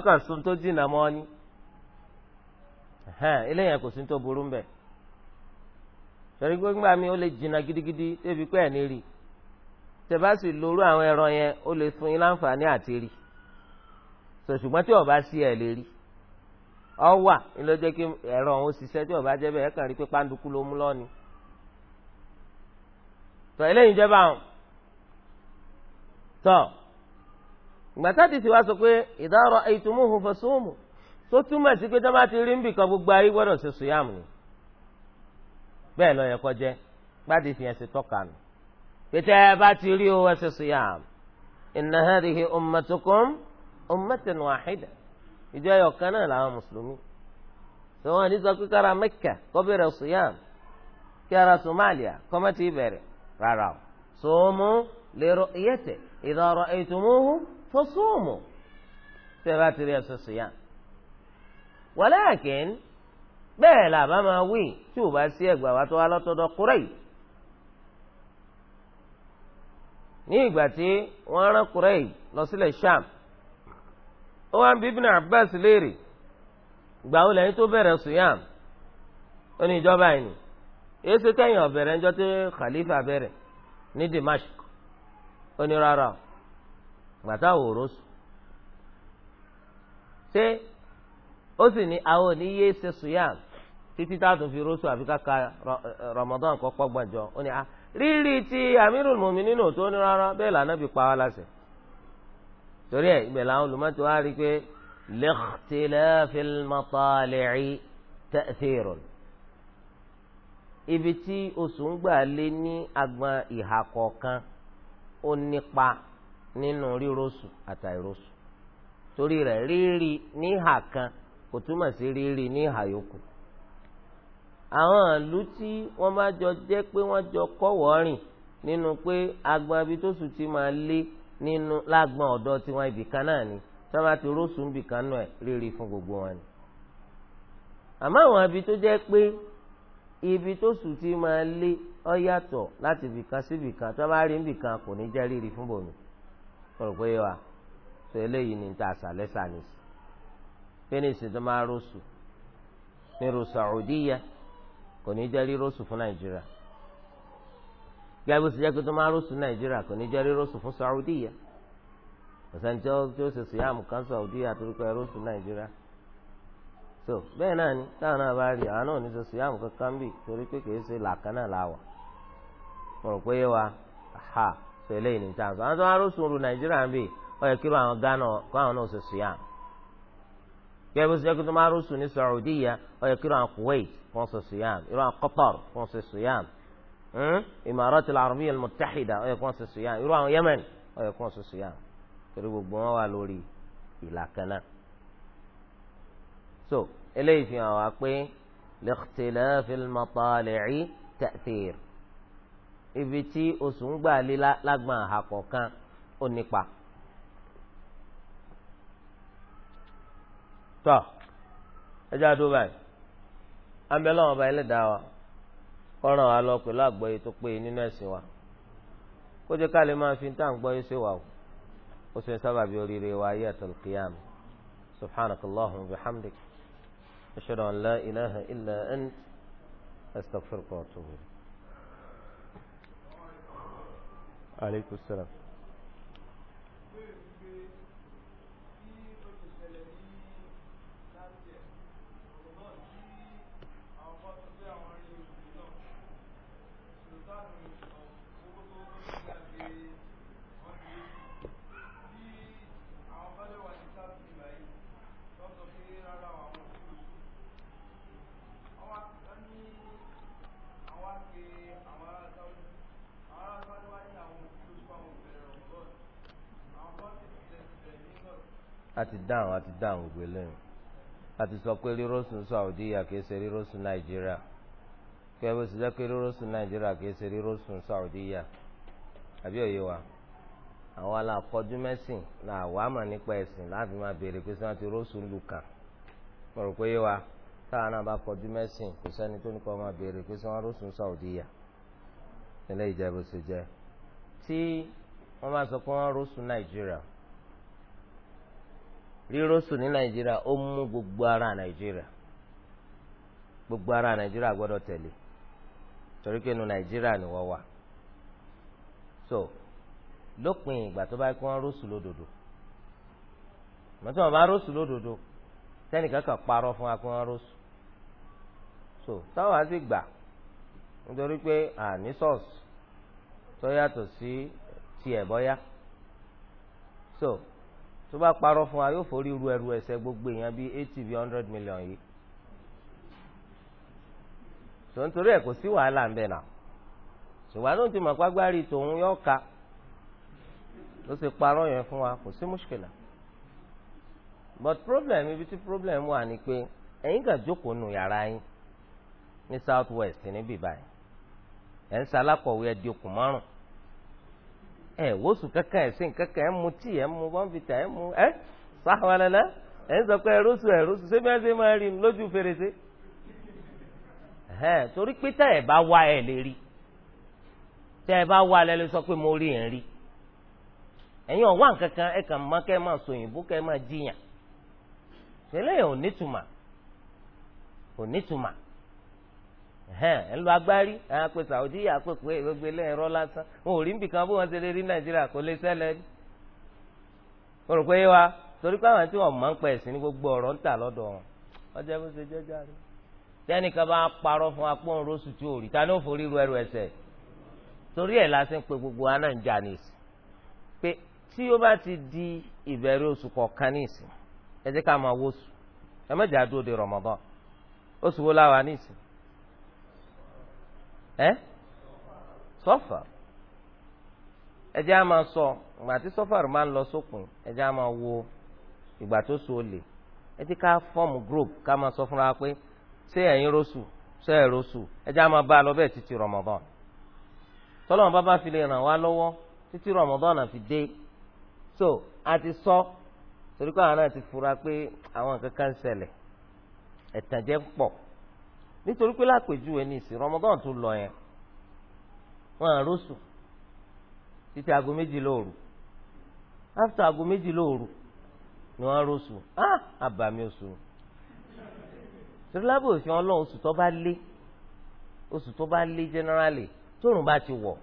kan sun tó dínà mọ́ ni eléyìí kò sí tó burú mbẹ́ torí ó lè jìnnà gidigidi débi pé ẹ̀ ní tẹ́bá sì lóru àwọn ẹran yẹn ó lè fún yín láǹfààní àti rí sọ tí ọba sí ẹ̀ lè rí ọ wà ní kí ẹ̀rọ òun ṣiṣẹ́ tí ọba jẹ́ bẹ́ẹ̀ kàn rí pé pàǹdùkú ló mú lọ́ni. tọ́ eléyìí jẹ́ báwọn tọ́ ti wá sọ pé idha ra'aytumuhu fasumu tó túmọ̀ sí pé tó bá ti rí níbì kan gbogbo ayé gbọ́dọ̀ ṣe ni bẹ́ẹ̀ ló yẹ gbádìí fi pété ẹ bá ti rí o ẹ ṣe siyam inna hadhihi ummatukum ummatan wahida ìjọ ẹyọ kan náà làwọn mùsùlùmí sọ wọn ní sọ pé kára Mẹ́kà kó bẹ̀rẹ̀ siyam kí ara Somalia kọ́mẹ́tì bẹ̀rẹ̀ rárá o sumu li ru'yati idha ra'aytumuhu fasumu tẹ́ bá ti rí ẹ ṣe siyam walakin bẹ́ẹ̀ làbá máa wí tí ò bá sí ẹgbàá wa tó wá lọ́tọ́dọ̀ Quraysh. ní ìgbà tí wọ́n rán Kurayb lọ sílẹ̀ Sham ó wá ń bi Ibn Abbas léèrè gbà ó lẹ́yìn tó bẹ̀rẹ̀ suyam ó ní ìjọba yìí ni èyí ṣe kẹ́yìn ọ̀bẹ̀rẹ̀ ńjọ́ tí Khalifa bẹ̀rẹ̀ ní Dimashq ó ní rárá o gbàtà òòró sùn ṣé ó sì ní àwọn oníyé ṣe suyam títí táà fi rósù àfi káka Ramadan kọ́ pọ́gbọ̀njọ́ ó ní a. Ah, rírí ti amirul muminin ò tó ní rárá bẹ́ẹ̀ l'Ànábì pa wá láṣẹ torí ẹ ibẹ̀ làwọn olùmọ̀tò wá rí i pé lẹ́kìtìlẹ́fìl mọ́tàlẹ́rì tẹ́sírùn ibi tí oṣù ń gbà lé ní agbọn ìhà kọ̀ọ̀kan ó nípa nínú rírósù àtàìrósù torí rẹ̀ rírí níhà kan kò túmọ̀ sí rírí níhà yòókù àwọn ìlú tí wọ́n bá jọ jẹ́ pé wọ́n jọ kọ́wọ́ rìn nínú pé agbọn ibi tó sùn ti máa lé nínú lágbọn ọ̀dọ́ tiwọn ibìkan náà ni tí wọ́n bá ti rósùn ibìkan náà rírì fún gbogbo wọn ni. àmọ́ àwọn ibi tó jẹ́ pé ibi tó sùn ti máa lé ọ yàtọ̀ láti ibìkan sí ibìkan tí wọ́n bá rí ibìkan kò ní jẹ́ rírì fún bòmí. sọ̀rọ̀ pé wa sọ eléyìí ni ta àṣàlẹ́ sàníṣì pé ní ìsìn tó máa rósùn ní rò Saudiya kò ní jẹ́ rírọ́ọ̀sù fún nàìjíríà gẹ́gẹ́ bó ṣe jẹ́ pé tó máa rọ́ọ̀sù nàìjíríà kò ní jẹ́ rírọ́ọ̀sù fún saudiya ọ̀sán tí ó kan saudiya nàìjíríà so bẹ́ẹ̀ náà ni táwọn náà bá rí àwọn náà ní ṣe sùyàmù kankan bì torí pé kìí ṣe làwà mo rò pé wa ha so eléyìí ní tàǹsán àwọn tó máa rọ́ọ̀sù rù nàìjíríà bì ó gẹ́gẹ́ bó ṣe jẹ́ kí tó máa rọ́ṣù ní Saudiya ó yẹ kí irun Kuwait wọ́n ṣe siyam irun Qatar wọ́n ṣe siyam hmm, Imarat al-Arabiyya al-Muttahida yẹ kí wọ́n ṣe siyam irun Yemen ó yẹ kí wọ́n ṣe siyam torí gbogbo wọn wà lórí ìlà so eléyìí fi hàn wá pé li-ikhtilaf al-matali'i ta'thir ibi tí oṣù ń gbà lé lágbọ̀n àkọ́kàn ó nípa. tọ́ ẹjọ́ àdó báyìí àmbẹ́lẹ́ ọba ẹlẹ́dàá wa kọ́ràn wa lọ pẹ̀lú àgbọ́yé tó péye nínú ẹ̀sìn wa kó jẹ́ ká lè máa fi tá à ń gbọ́ yé ṣe wà o ó sì ń sábà bí oríire wa ayé àtàlù kìyàmù subhanaka allahumma wa bihamdik ashhadu an la ilaha illa ant astaghfiruka wa atubu ilayk. aleykum salaam. dáhùn àti dáhùn ògbé lẹ́yìn àti sọ pé rírọ́sùn Saudiya kìí ṣe rírọ́sùn Nàìjíríà kẹ́ẹ́ bó ṣe jẹ́ pé rírọ́sùn Nàìjíríà kìí ṣe Saudiya àbí òye wa àwọn alákọ̀ọ́jú mẹ́sìn là wàá nípa ẹ̀sìn láti máa béèrè pé sọ́nà ti rọ́sùn lù kàn mo rò pé yé wa táwọn náà bá kọjú mẹ́sìn kò sẹ́ni tó nípa máa béèrè pé sọ́nà rọ́sùn bó jẹ́ tí sọ pé rírọ́sù ní nàìjíríà ó mú gbogbo ara nàìjíríà gbogbo ara nàìjíríà gbodo tẹ̀lé torí pé nu nàìjíríà ni wọ wà so lópin ìgbà tó bá kí wọn rọ́sù lódodo mọ́tò wọn bá rọ́sù lódodo sẹ́nìkan kan parọ fún wa kí wọ́n so táwọn á sì gbà nítorí pé àní sọ́ọ̀sì tó sí so. tó bá parọ́ fún wa yóò forí ru ẹrù ẹ̀ṣẹ̀ gbogbo èèyàn bíi eighty bíi hundred million yìí tó ń torí ẹ̀ kò sí wàhálà ń bẹ̀ náà ṣùgbọ́n tó ń ti mọ̀ pàgbárí tòun yóò ka ló ṣe parọ́ yẹn fún wa kò sí mùṣkílà but problem ibi tí problem wà ni pé ẹ̀yin kà jókòó nù yàrá yín ní south west níbí báyìí ẹ̀ ń ṣe ẹ̀ di okùn márùn ẹ wò sùn kankan ẹ̀sìn kankan ẹ̀ mú tíì ẹ̀ mú bọ́ǹfìtà ẹ̀ mú ẹ̀ sáwalẹ̀lẹ̀ ẹ̀ ń sọ pé ẹ̀rọ́sù ẹ̀rọ́sù ṣé bí wọ́n ṣe máa rí i lójú fèrèsé ẹ̀hẹ́n torí pé tẹ́ ẹ̀ bá wá ẹ̀ lè rí tẹ́ ẹ bá wá ẹ lè sọ pé mo rí ẹ̀ ń rí ẹ̀yin ọ̀wá nǹkankan ẹ̀ kàn má kẹ́ ẹ sọ òyìnbó kẹ́ ẹ jiyàn ṣẹlẹ̀ ò nítumà ò nítumà ẹ ń lo agbárí àwọn apẹ Saudi àpèpè gbogbo ilé ẹ̀rọ lásán wọn ò rí nbìkan bó wọn ṣe lè rí Nàìjíríà kò lè ṣẹlẹ̀ ní. o rò pé wa torí pé àwọn tí wọn máa ń ẹsìn ní gbogbo ọ̀rọ̀ ń tà lọ́dọ̀ wọn ọjọ́ bó ṣe rẹ. bá fún tí rí ta ní ẹrù torí lásán gbogbo wa náà ń jà ní ìsìn tí o bá ti di ìbẹ̀rẹ̀ oṣù kọ̀ọ̀kan ní ìsìn ẹ jẹ́ ká máa ẹ sọfàr ẹjẹ máa sọ ìgbà tí ma máa ń lọ sópin ẹjẹ a máa wo ìgbà tó so olè ẹ ká fọ́ọ̀mù group ká máa sọ fúnra pé ṣé ẹ̀yin ṣé ẹ̀ lọ bẹ́ẹ̀ títí Ramadan tọ́lọ́mọ bá fi lè ràn wá lọ́wọ́ fi dé so a ti sọ torí pé àwọn náà ti fura pé àwọn ń ṣẹlẹ̀ nítorí pé lápèjúwe ní ìsìn Ramadan tó lọ yẹn wọn à rọṣù títí aago méjì lóru after aago méjì lóru ni wọn rọṣù ah àbàmì oṣù tìrìlábù òfin Ọlọ́run oṣù tó bá lé oṣù tó bá lé generally tóòrùn bá ti wọ̀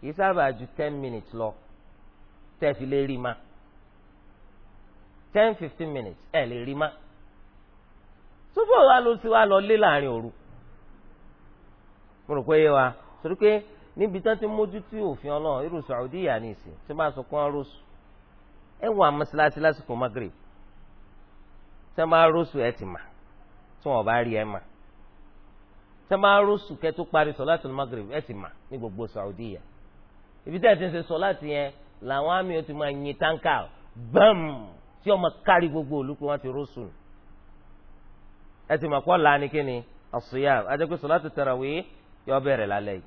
kì í sábà ju ten minutes lọ tẹ́ fi lè rí ma ten fifteen minutes ẹ̀ lè rí ma sófò wa ló sì wá lọ lé láàrin òru mo rò pé yé wa torí pé níbi tán ti mójútó òfin ọlọ́run irú Saudi yà ní ìsìn tí wọ́n bá sọ pé wọ́n rọ́ọ̀sù ẹ wọ àmọ́síláṣí lásìkò Maghrib tí wọ́n bá rọ́ọ̀sù ẹ ti mà tí wọ́n bá rí ẹ mà tí wọ́n bá rọ́ọ̀sù kẹ́ tó parí sọ̀láàtì Maghrib ẹ ti mà ní gbogbo Saudi yà ibi tí ẹ ti ń ṣe sọ̀láàtì yẹn làwọn àmì ó ti máa yin táǹkà gbàm tí ọmọ kárí gbogbo òlùkù wọn ti rọ́ọ̀sù nù ẹ ti mọ̀ kọ́ la ni kíni as-siyam ajẹ́pẹ́ sọ̀látù tarawih yọ bẹ̀rẹ̀ lálẹ́ yìí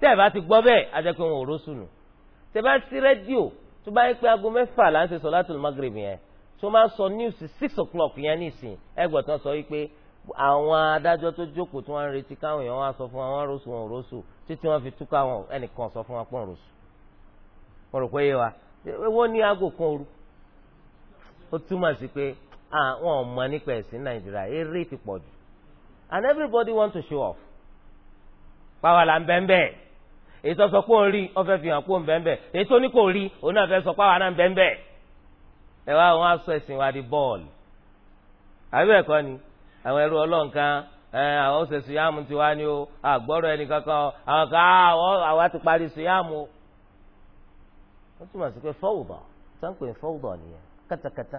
tẹ́ ẹ bá ti gbọ́ bẹ́ẹ̀ ajẹ́pẹ́ wọn ò rósùnù tẹ́ bá sí rédíò tó bá yẹ pé aago mẹ́fà là ń ṣe sọ̀látù magrib yẹn tó máa sọ news six o'clock yẹn nísìn ẹgbọ̀n tán sọ wípé àwọn adájọ́ tó jókòó tí wọ́n ń retí káwọn èèyàn wá sọ fún wọn wọ́n rósù wọn ò rósù títí wọ́n fi túká wọn ẹnìkan sọ fún wọn pọ̀ rósù wọn rò pé yé wa wọ́n ní aago kan òru ó túmọ̀ sí pé àwọn ah, ọmọ nípa ẹ̀sìn nàìjíríà eré ti pọ̀ and everybody want to show off pàwọn là ń bẹ́ẹ̀ bẹ́ẹ̀ èyí tó sọ pé òun rí ọ fẹ́ fi hàn pé òun bẹ́ẹ̀ bẹ́ẹ̀ èyí tó ní kò rí òun náà fẹ́ sọ pé náà bẹ́ẹ̀ bẹ́ẹ̀ ẹ wá wọn á sọ ẹ̀sìn wa di bọ́ọ̀lù àbí ẹ̀kọ́ ni o àgbọ̀rọ̀ ẹni kankan àwọn kan ah, o. wọ́n túmọ̀ sí pé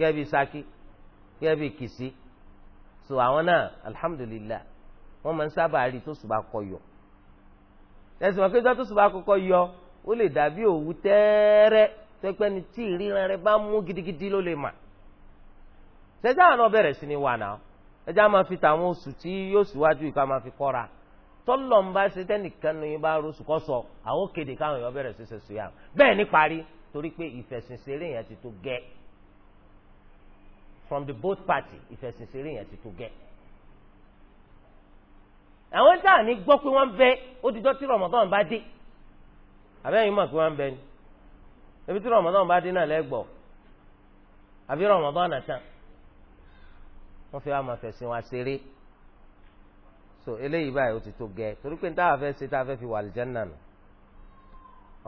gẹ́gẹ́ bíi saki gẹ́gẹ́ bíi kìsì so àwọn náà alhamdulilah wọ́n máa ń sábà rí tó ṣùgbọ́n akọ yọ ẹ̀sìn wọn kéjọ́ tó ṣùgbọ́n akọkọ yọ ó lè dàbí òwú tẹ́ẹ́rẹ́ pẹ́pẹ́ ni tí ìríran rẹ bá mú gidigidi ló lè mà ṣẹjá àná bẹ̀rẹ̀ sí ni wà náà ẹjá máa fi tàwọn oṣù tí yóò síwájú ìka máa fi kọ́ra tọ́lọ̀ ń bá ṣe tẹ́nìkan ní bá rọ́ṣù kọ́ sọ àwọn kéde káwọn èèyàn bẹ̀rẹ̀ sí ṣe sùn yà bẹ́ẹ̀ ní parí torí pé ìfẹ̀sìnṣeré yẹn ti tó gẹ́ẹ́ from the both party ìfẹ̀sìnṣeré yẹn ti tó gẹ́. àwọn tá à ní gbọ́ pé wọ́n bẹ ó ti jọ́ tí Ramadan bá dé àbẹ́yìn mọ̀ pé wọ́n bẹ ni ebi tí Ramadan bá dé náà lẹ́gbọ̀ àbí Ramadan náà tán wọ́n fi wá máa fẹ̀sìn wá ṣeré so eléyìí báyìí ó ti tó gẹ́ torí pé táwa fẹ́ ṣe táwa fẹ́ fi wà àlùjánnà nù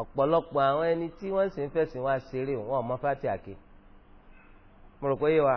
ọ̀pọ̀lọpọ̀ àwọn ẹni tí wọ́n sì ń fẹ̀sìn wá ṣeré wọn ò mọ fátì àké mo rò pé yé wa.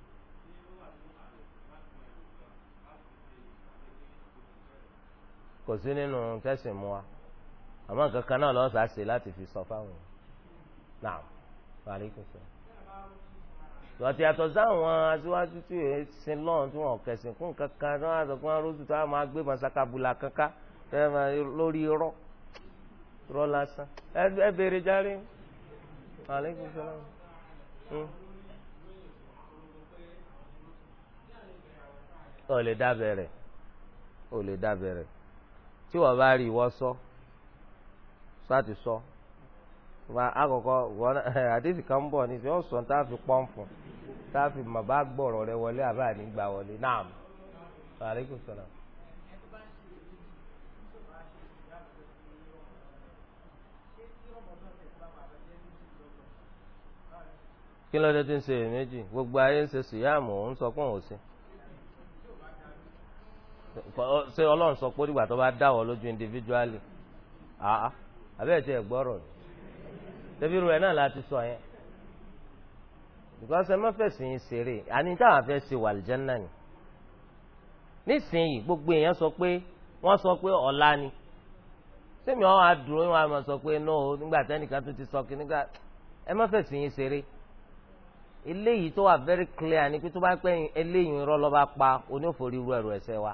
kò sí nínú tẹ̀sìn mu wa àmọ́ nǹkan kan náà lọ́sàá ṣe láti fi sọ fáwọn náà parí kò sọ. ìwọ̀tí àtọ̀ sáwọn aṣíwájú tí ò sin lọ́run tí wọ́n kẹ̀sìn fún nǹkan kan tí wọ́n á sọ fún arósù tí wọ́n á máa gbé màsákàbùlà kankan lórí irọ́ irọ́ lásán ẹ béèrè járe. aleykum salaam. o hmm. lè dábẹ̀rẹ̀ o lè dábẹ̀rẹ̀. tí wọ́n bá rí ìwọ sọ sọ àti sọ wọ́n àkọ́kọ́ wọ́n àdéhùn kan bọ̀ ní ìfẹ́ ọ̀sán tá a fi pọ́n fún tá a fi mọ̀ bá gbọ̀rọ̀ rẹ wọlé àbá nígbà wọlé náà aleykum salaam. kí ló dé tí ń ṣe èméjì gbogbo ayé ń ṣe sùyàmù ń sọ pé òun ò sí. ṣé ọlọ́run sọ pé nígbà tó bá dá wọ lójú individually àá àbẹ́ẹ̀tì ẹ̀gbọ́rọ̀ tẹ́bí irú ẹ̀ náà láti sọ yẹn because ẹ má fẹ̀sìn yín ṣeré àní táwọn afẹ́ ṣe wà lìjẹ́nà ni nísìnyí gbogbo èèyàn sọ pé wọ́n sọ pé ọ̀la ni sẹ́mi ọ̀ àdúró wọn àmọ̀ sọ pé no nígbà tẹ́nìkan tó ti sọ kí nígbà ẹ má fẹ̀sìn yín ṣeré eléyìí tó wà very clear ni pé tó bá pẹ́yìn eléyìí rọ́ lọ́ba pa oníòfòrí ru ẹ̀rù ẹ̀ṣẹ̀ wa.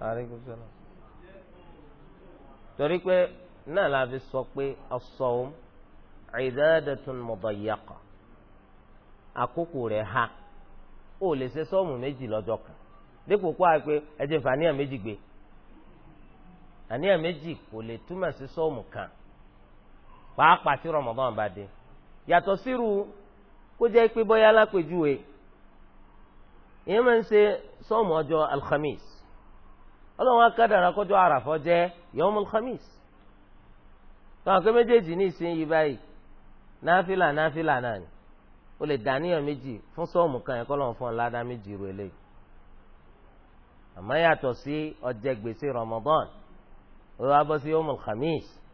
àríkú sọlá torí pé náà la fi sọ pé as-sawm idadatun àkókò rẹ̀ ha ó lè ṣe sọ́ọ̀mù méjì lọ́jọ́ kan dípò kó àpè ẹ̀jẹ̀ fà níyà méjì gbé àníyàn méjì kò lè túmọ̀ sí sọ́ọ̀mù kan pàápàá tí Ramadan bá dé yàtọ̀ sírú kó jẹ́ pé bọ́yá alápèjúwe ìyẹn máa ń ṣe sọ́ọ̀mù ọjọ́ alhamis ọlọ́run akádàrà kọjọ́ àràfọ́ jẹ́ yọmul khamis tọ́wọ́n pé méjèèjì ní ìsinyìí báyìí náfìlà náfìlà náà ni o lè dàníyàn méjì fún sọ́ọ̀mù kan yẹn kọ́ lọ́n fún ọ ládàá méjì ru eléyìí àmọ́ yàtọ̀ sí ọjẹ́ gbèsè Ramadan ó wá bọ́ sí yọmul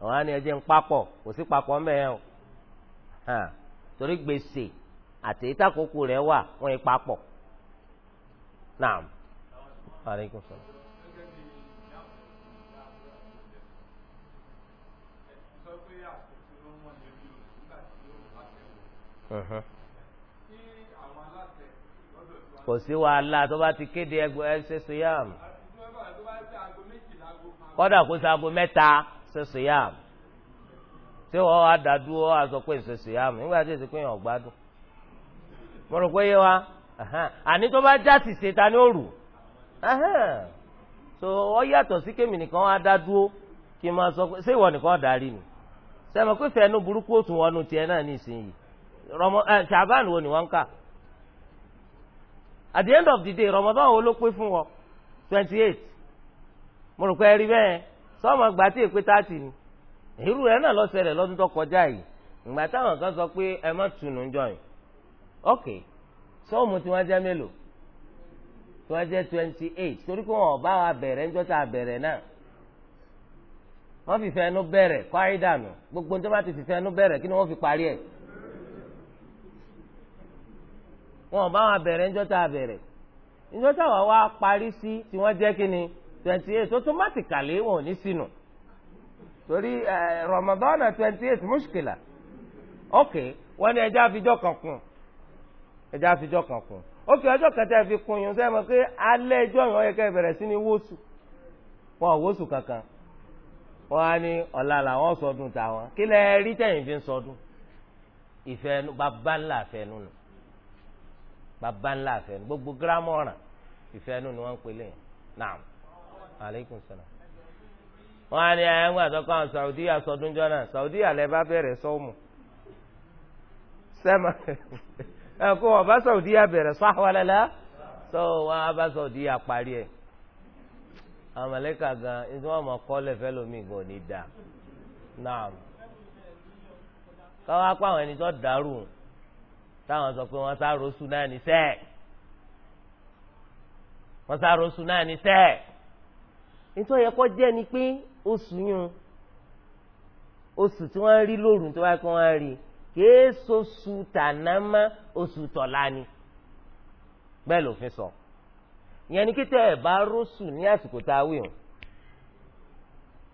àwọn àni ẹjẹ́ ń papọ̀ kò sí papọ̀ ń bẹ̀ yẹn o torí gbèsè àti ìtàkùkù rẹ̀ wà wọ́n yẹn naam. kò sí wàhálà tó bá ti kéde ẹgbẹ́ ẹsẹ̀ siyam kọ́dà kó sago mẹta ṣe siyam tí wọ́n á dàdúró àsọ pé ṣe siyam nígbà tí èsì pé yàn gbádùn mo rò pé yé wa àní tó bá já ṣe ta ni ó rù so ọ yàtọ̀ sí kémi nìkan kí n máa sọ pé ṣé ìwọ nìkan darí ni pé fẹ́ẹ́ nu burúkú ṣàbáàn eh, wo ni wọ́n ń kà at the end of the day Ramadan wo ló pé fún wọn twenty eight mo rò pé ẹ rí bẹ́ẹ̀ sọ́ọ̀mọ̀ gbà tí èpè thirty ni irú rẹ̀ náà lọ́sẹ̀ rẹ̀ lọ́dún tó kọjá yìí ìgbà táwọn kan sọ pé ẹ má tunu ń ok sọ́ọ̀mù tí wọ́n jẹ́ mélòó tí wọ́n jẹ́ twenty eight torí pé wọn ò bá wa bẹ̀rẹ̀ ńjọ́ tá a bẹ̀rẹ̀ náà wọ́n fìfẹ́ gbogbo ní tó bá ti fìfẹ́ ẹnu bẹ̀rẹ̀ fi parí wọn ò bá wọn bẹ̀rẹ̀ níjọ́ tá a bẹ̀rẹ̀ níjọ́ tá wàá wá parí sí tí wọ́n jẹ́ kí ni twenty eight automatically wọn ò ní sínú torí Ramadan twenty eight mushkila ok wọn ni ẹja àfijọ́ kan kún ẹja àfijọ́ kan kún ok ọjọ́ kẹta fi kun yín sẹ́yìn mọ̀ pé alẹ́ ẹjọ́ yìí wọ́n yẹ kẹ́ bẹ̀rẹ̀ sí ní wóṣù wọn ò wóṣù kankan wọn á ní ọ̀la làwọn sọdún tàwọn kí lẹ́ẹ̀ rí tẹ̀yìn fi sọdún ìfẹ́ bàbá ńlá fẹ́ nù nù bàbá ńlá àfẹ́ ní gbogbo gírámù ọ̀ràn ìfẹ́ ẹnu ni wọ́n ń pelé yẹn naam aleykum salaam. wọ́n á ní ayé ńgbà tó kọ́ àwọn Saudi àsọdún jọ́nà Saudi àlẹ́ bá bẹ̀rẹ̀ sọ́ọ̀mù sẹ́mà ẹ̀kọ́ wọn bá Saudi àbẹ̀rẹ̀ sọ́àwálẹ́lá tó wọn á bá Saudi àparí ẹ̀ àwọn mọ̀lẹ́kà gan ẹni tí wọ́n mọ̀ kọ́ lẹ́fẹ́ ní dà naam káwá pa àwọn ẹni tó dàrú táwọn sọ pé wọ́n sáró sùn náà ní sẹ́ẹ̀ wọ́n sáró sùn náà ní sẹ́ẹ̀ nítorí ẹ̀kọ́ jẹ́ ni pé oṣù yún oṣù tí wọ́n rí lóòrùn tó wáá kí wọ́n rí kìí soṣù tànámá oṣù tọ̀la ni bẹ́ẹ̀ lòfin sọ ìyẹn ni kí tẹ́ ẹ bá róṣù ní àsìkò tá a wí hàn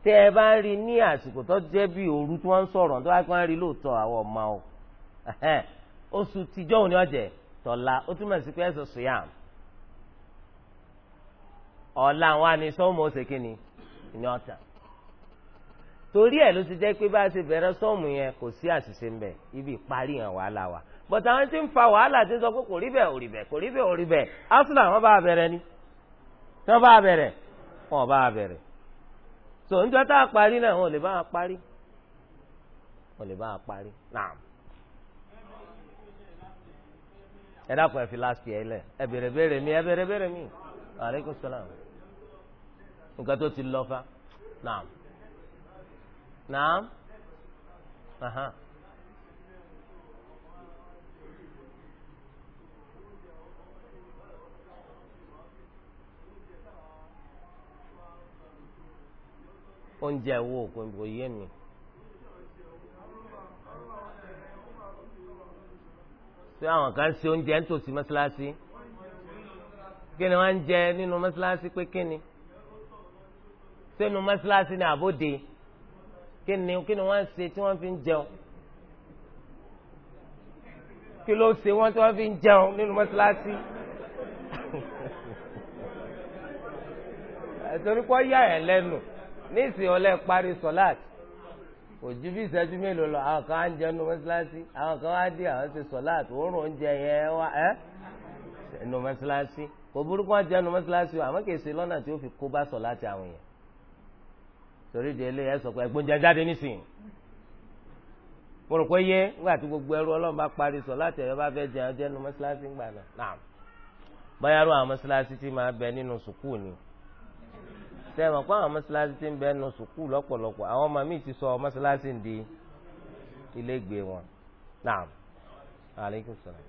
tẹ́ ẹ bá rí ní àsìkò tó jẹ́ bí òru tí wọ́n ń sọ̀rọ̀ tó wáá kí wọ́n rí lóòótọ́ àwọn ọmọ o oṣù tìjọ́ òní ọ̀jẹ̀ tọ̀la ó túmọ̀ sí pé ẹ̀sùn sùyàm ọ̀la àwọn àni sọ́ọ̀mù ọ̀sẹ̀ kìíní ni ọ̀tà torí ẹ̀ ló ti jẹ́ pé bá a ṣe bẹ̀rẹ̀ sọ́ọ̀mù yẹn kò sí àṣìṣe ń bẹ̀ ibi ìparí yẹn wàhálà wa but àwọn tí ń fa wàhálà ti sọ pé kò rí bẹ́ẹ̀ ò rí bẹ́ẹ̀ kò rí bẹ́ẹ̀ ò rí bẹ́ẹ̀ asúlà wọn bá a bẹ̀rẹ̀ ni tí wọ́n bá a bẹ̀rẹ̀ wọn bá a bẹ̀rẹ̀ so níjọ́ tá a parí náà wọn ò lè bá a parí wọn ò lè bá a parí náà. ẹ dákun ẹ fi last year lẹ ẹ bèrè bèrè mi ẹ bèrè bèrè mi aleykum salaam nǹkan tó ti lọ fa naam naam aha. oúnjẹ wo kò yé mi. tí àwọn kan ṣe oúnjẹ ń tòsí mọ́ṣáláṣí kí ni wọ́n ń jẹ nínú mọ́ṣáláṣí pé kí ni sínú mọ́ṣáláṣí ni àbóde kí ni kí ni wọ́n se ṣe tí wọ́n fi ń jẹun kí ló ṣe wọ́n tí wọ́n fi ń jẹun nínú mọ́ṣáláṣí. torí pé ó yà ẹ́ lẹ́nu nísìnyí ọlẹ́ parí sọ́láàtì kò ju bí ìṣẹ́jú mélòó lọ àwọn kan á ń jẹun mọ́ṣáláṣí àwọn kan á dé àwọn ṣe sọ̀láàtì oorun oúnjẹ yẹn wá ẹ́ ẹnu mọ́ṣáláṣí o àmọ́ kì í ṣe lọ́nà tí ó fi kó bá àwọn yẹn torí di eléyẹ sọ pé ẹgbọ́n jẹ jáde nísìnyí mo rò gbogbo ẹrú ọlọ́run bá parí ẹ̀yọ́ bá fẹ́ jẹun jẹun mọ́ṣáláṣí ńgbà náà báyà rú àwọn mọ́ṣáláṣí tí máa sẹ́wọ̀n pé àwọn mọ́ṣáláṣí ti ń bẹ nu sùkúù lọ́pọ̀lọpọ̀ àwọn ọmọ mi ti sọ mọ́ṣáláṣí di ilégbèé wọn. naam aleykum salaam.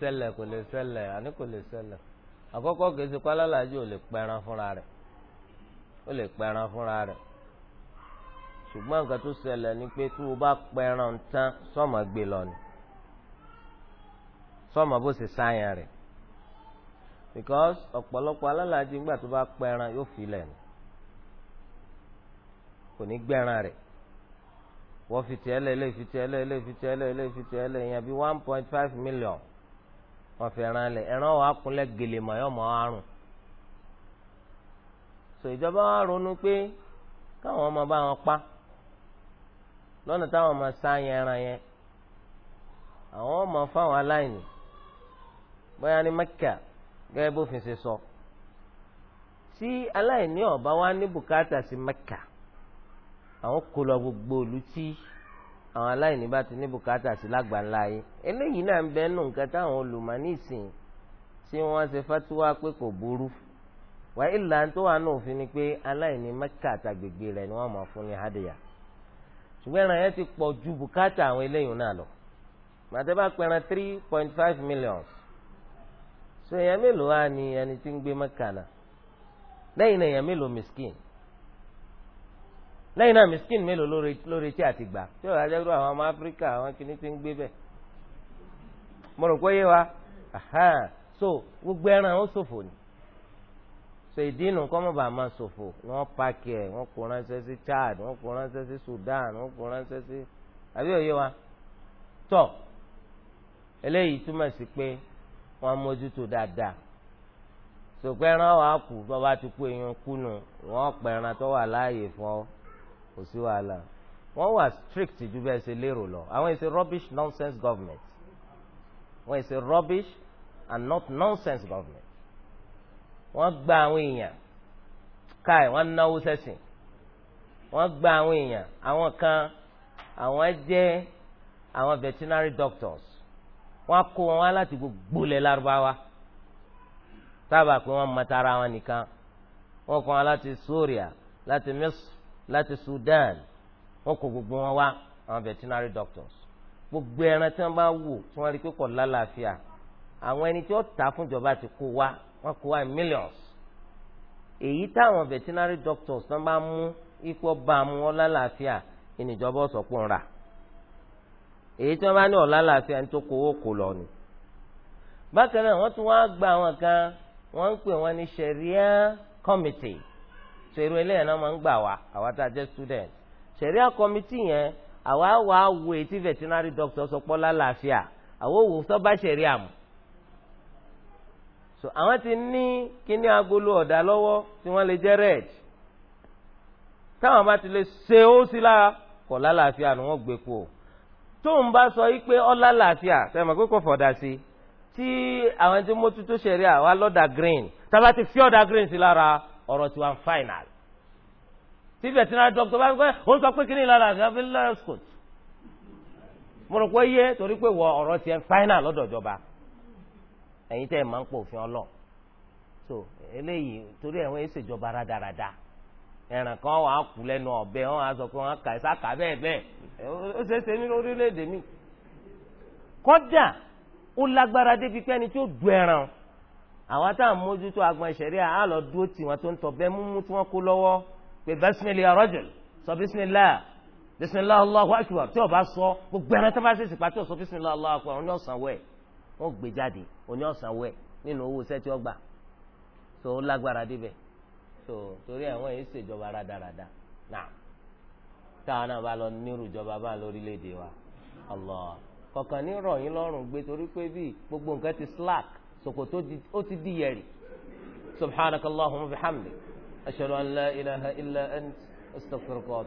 ṣẹlẹ̀ kò lè ṣẹlẹ̀ àní kò lè ṣẹlẹ̀ àkọ́kọ́ kìí ṣe pálálàájú ò lè pẹran fúnra rẹ̀ ó lè pẹran fúnra rẹ̀ ṣùgbọ́n nǹkan tó ṣẹlẹ̀ ni pé tó o bá pẹran tán sọ́mọ gbé lọ ni sọ́mọ bó ṣe sáyàn rẹ̀ because ọ̀pọ̀lọpọ̀ alálàájú nígbà tó bá pẹran yóò filẹ̀ ni kò ní gbẹran rẹ̀ wọ́n fi tiẹ́ lé ilé fi tiẹ́ lé fi tiẹ́ lé fi tiẹ́ lé ìyẹn bí one point five million wọ́n fi ẹran lẹ̀ ẹran wàá kúnlẹ̀ gèlè mọ̀ yọ̀ mọ́ àrùn so ìjọba wa ronú pé káwọn ọmọ bá wọn pa lọ́nà táwọn ọmọ sáyẹn ẹran yẹn àwọn ọmọ fáwọn aláìní bóyá ní Mẹ́kà gẹ́gẹ́ bófin ṣe sọ tí aláìní ọba wa ní bùkátà sí Mẹ́kà àwọn kò lọ gbogbo olú àwọn aláìní bá ti ní bùkátà sí lágbàńlá yìí eléyìí náà ń bẹ nù nǹkan táwọn olùmọ̀nìsìn tí wọ́n ṣe fatuwa pé kò burú wàá ìlànà tó wà ní ni pé aláìní mẹ́kà àtàgbègbè rẹ̀ ni wọ́n máa fún ní hádìyà ṣùgbọ́n ẹran yẹn ti pọ̀ ju bùkátà àwọn eléyìí náà lọ màtẹ́bà pẹ̀ràn three point five million so èèyàn mélòó wá ni ẹni tí ń gbé mẹ́kà náà lẹ́yìn náà èèyàn mélòó miskin lẹ́yìn náà miskin mélòó ló retí àti gbà tí yóò dájọ́ àwọn ọmọ áfíríkà àwọn kìíní ti ń gbé bẹ́ẹ̀ mo rò pé yé wa so gbogbo ẹran ó ṣòfò ni so ìdínú kọ́mọ̀bà máa ṣòfò wọ́n pààkì ẹ̀ wọ́n kó ránṣẹ́ sí Chad wọ́n kó ránṣẹ́ sí Sudan wọ́n kó ránṣẹ́ sí àbí òye wa tọ́ eléyìí túmọ̀ sí pé wọ́n mójútó dáadáa sòpẹ́ ẹran wàá kú bọ́ bá ti kú èèyàn kú nù wọ́n pẹ̀ran tó wà láàyè fún ọ kò sí wàhálà wọ́n wà strict ju bẹ́ẹ̀ ṣe lérò lọ àwọn ìṣe rubbish nonsense government wọ́n ìṣe rubbish and not nonsense government wọ́n gba àwọn èèyàn káì wọ́n náwó sẹ́sìn wọ́n gba àwọn èèyàn àwọn kan àwọn jẹ́ àwọn veterinary doctors wọ́n kó wọn wá láti gbogbo ilẹ̀ lárúbáwá sábà pé wọ́n mọtara wọn nìkan wọ́n kó wọn láti Syria láti Misr láti Sudan wọ́n kó gbogbo wọn wá àwọn veterinary doctors gbogbo ẹran tí wọ́n bá wò tí wọ́n rí pé kò lálàáfíà àwọn ẹni tí wọ́n tà fúnjọba ti kó wá wọ́n kó wá millions èyí táwọn veterinary doctors náà bá mú ikú ọba mu wọn lálàáfíà ìníjọba ọ̀sọ̀pọ̀ ńlá èyí tí wọ́n bá ní ọ̀la làáfíà ń tó kówó kò lọ ni. bákan náà wọ́n tún wá gba àwọn kan wọ́n ń pè wọ́n ní sharia committee ṣèrú eléyàn náà máa ń gbà wá àwa tá a jẹ́ student ṣẹ̀ríà kọ́mítì yẹn àwa wà á etí veterinary doctor sọpọ́ lálàáfíà àwọn òwò tó bá ṣẹ̀ríà so àwọn ti ní kíní agolo ọ̀dà lọ́wọ́ tí wọ́n lè jẹ́ red táwọn bá ti lè ṣe ó sí lára kọ̀ lálàáfíà ni wọ́n gbé kú o tóun bá sọ yí pé ọlá làáfíà sẹ́mi pé kò fọ̀dà sí tí àwọn tí mójútó ṣẹ̀ríà wà lọ́dà green tá a bá ti fi ọ̀dà green sí lára ọ̀rọ̀ tiwa final tí veterinary doctor bá ń pẹ́ òun sọ pé kí ni ìlànà gavilla scott mo rò pé yé torí pé wọ ọ̀rọ̀ tiẹ̀ final lọ́dọ̀ ìjọba ẹ̀yin tẹ́ ẹ̀ máa ń pò òfin ọlọ́ so eléyìí torí ẹ̀wọ̀n ẹ̀ ṣèjọba rádaràda ẹ̀ràn kan wà á kú lẹ́nu ọ̀bẹ wọn á sọ pé wọn kà ẹ̀sà kà bẹ́ẹ̀ bẹ́ẹ̀ ó ṣeé ṣe ní orílẹ̀-èdè mi kọ́dà ó lágbára débi pé tó du ẹran àwọn tá à ń mójútó agbọn ìṣẹ̀ríà á lọ dúró tì wọ́n tó ń tọ̀ bẹ́ẹ̀ múmú tí wọ́n kó lọ́wọ́ pé bẹ́sìmìlì arọ́jùl sọ bísìmìlà bísìmìlà Allahu akbar tí o sọ gbogbo ẹran tó bá ṣe sì pàtó sọ bísìmìlà Allahu akbar òní ọ̀sán wẹ̀ wọ́n gbé jáde òní ọ̀sán wẹ̀ nínú owó iṣẹ́ tí wọ́n gbà tó lágbára débẹ̀ tó torí àwọn yìí ṣèjọba rádaràda náà táwọn náà bá lọ سكوتو اوتي دياري سبحانك اللهم وبحمدك اشهد ان لا اله الا انت استغفرك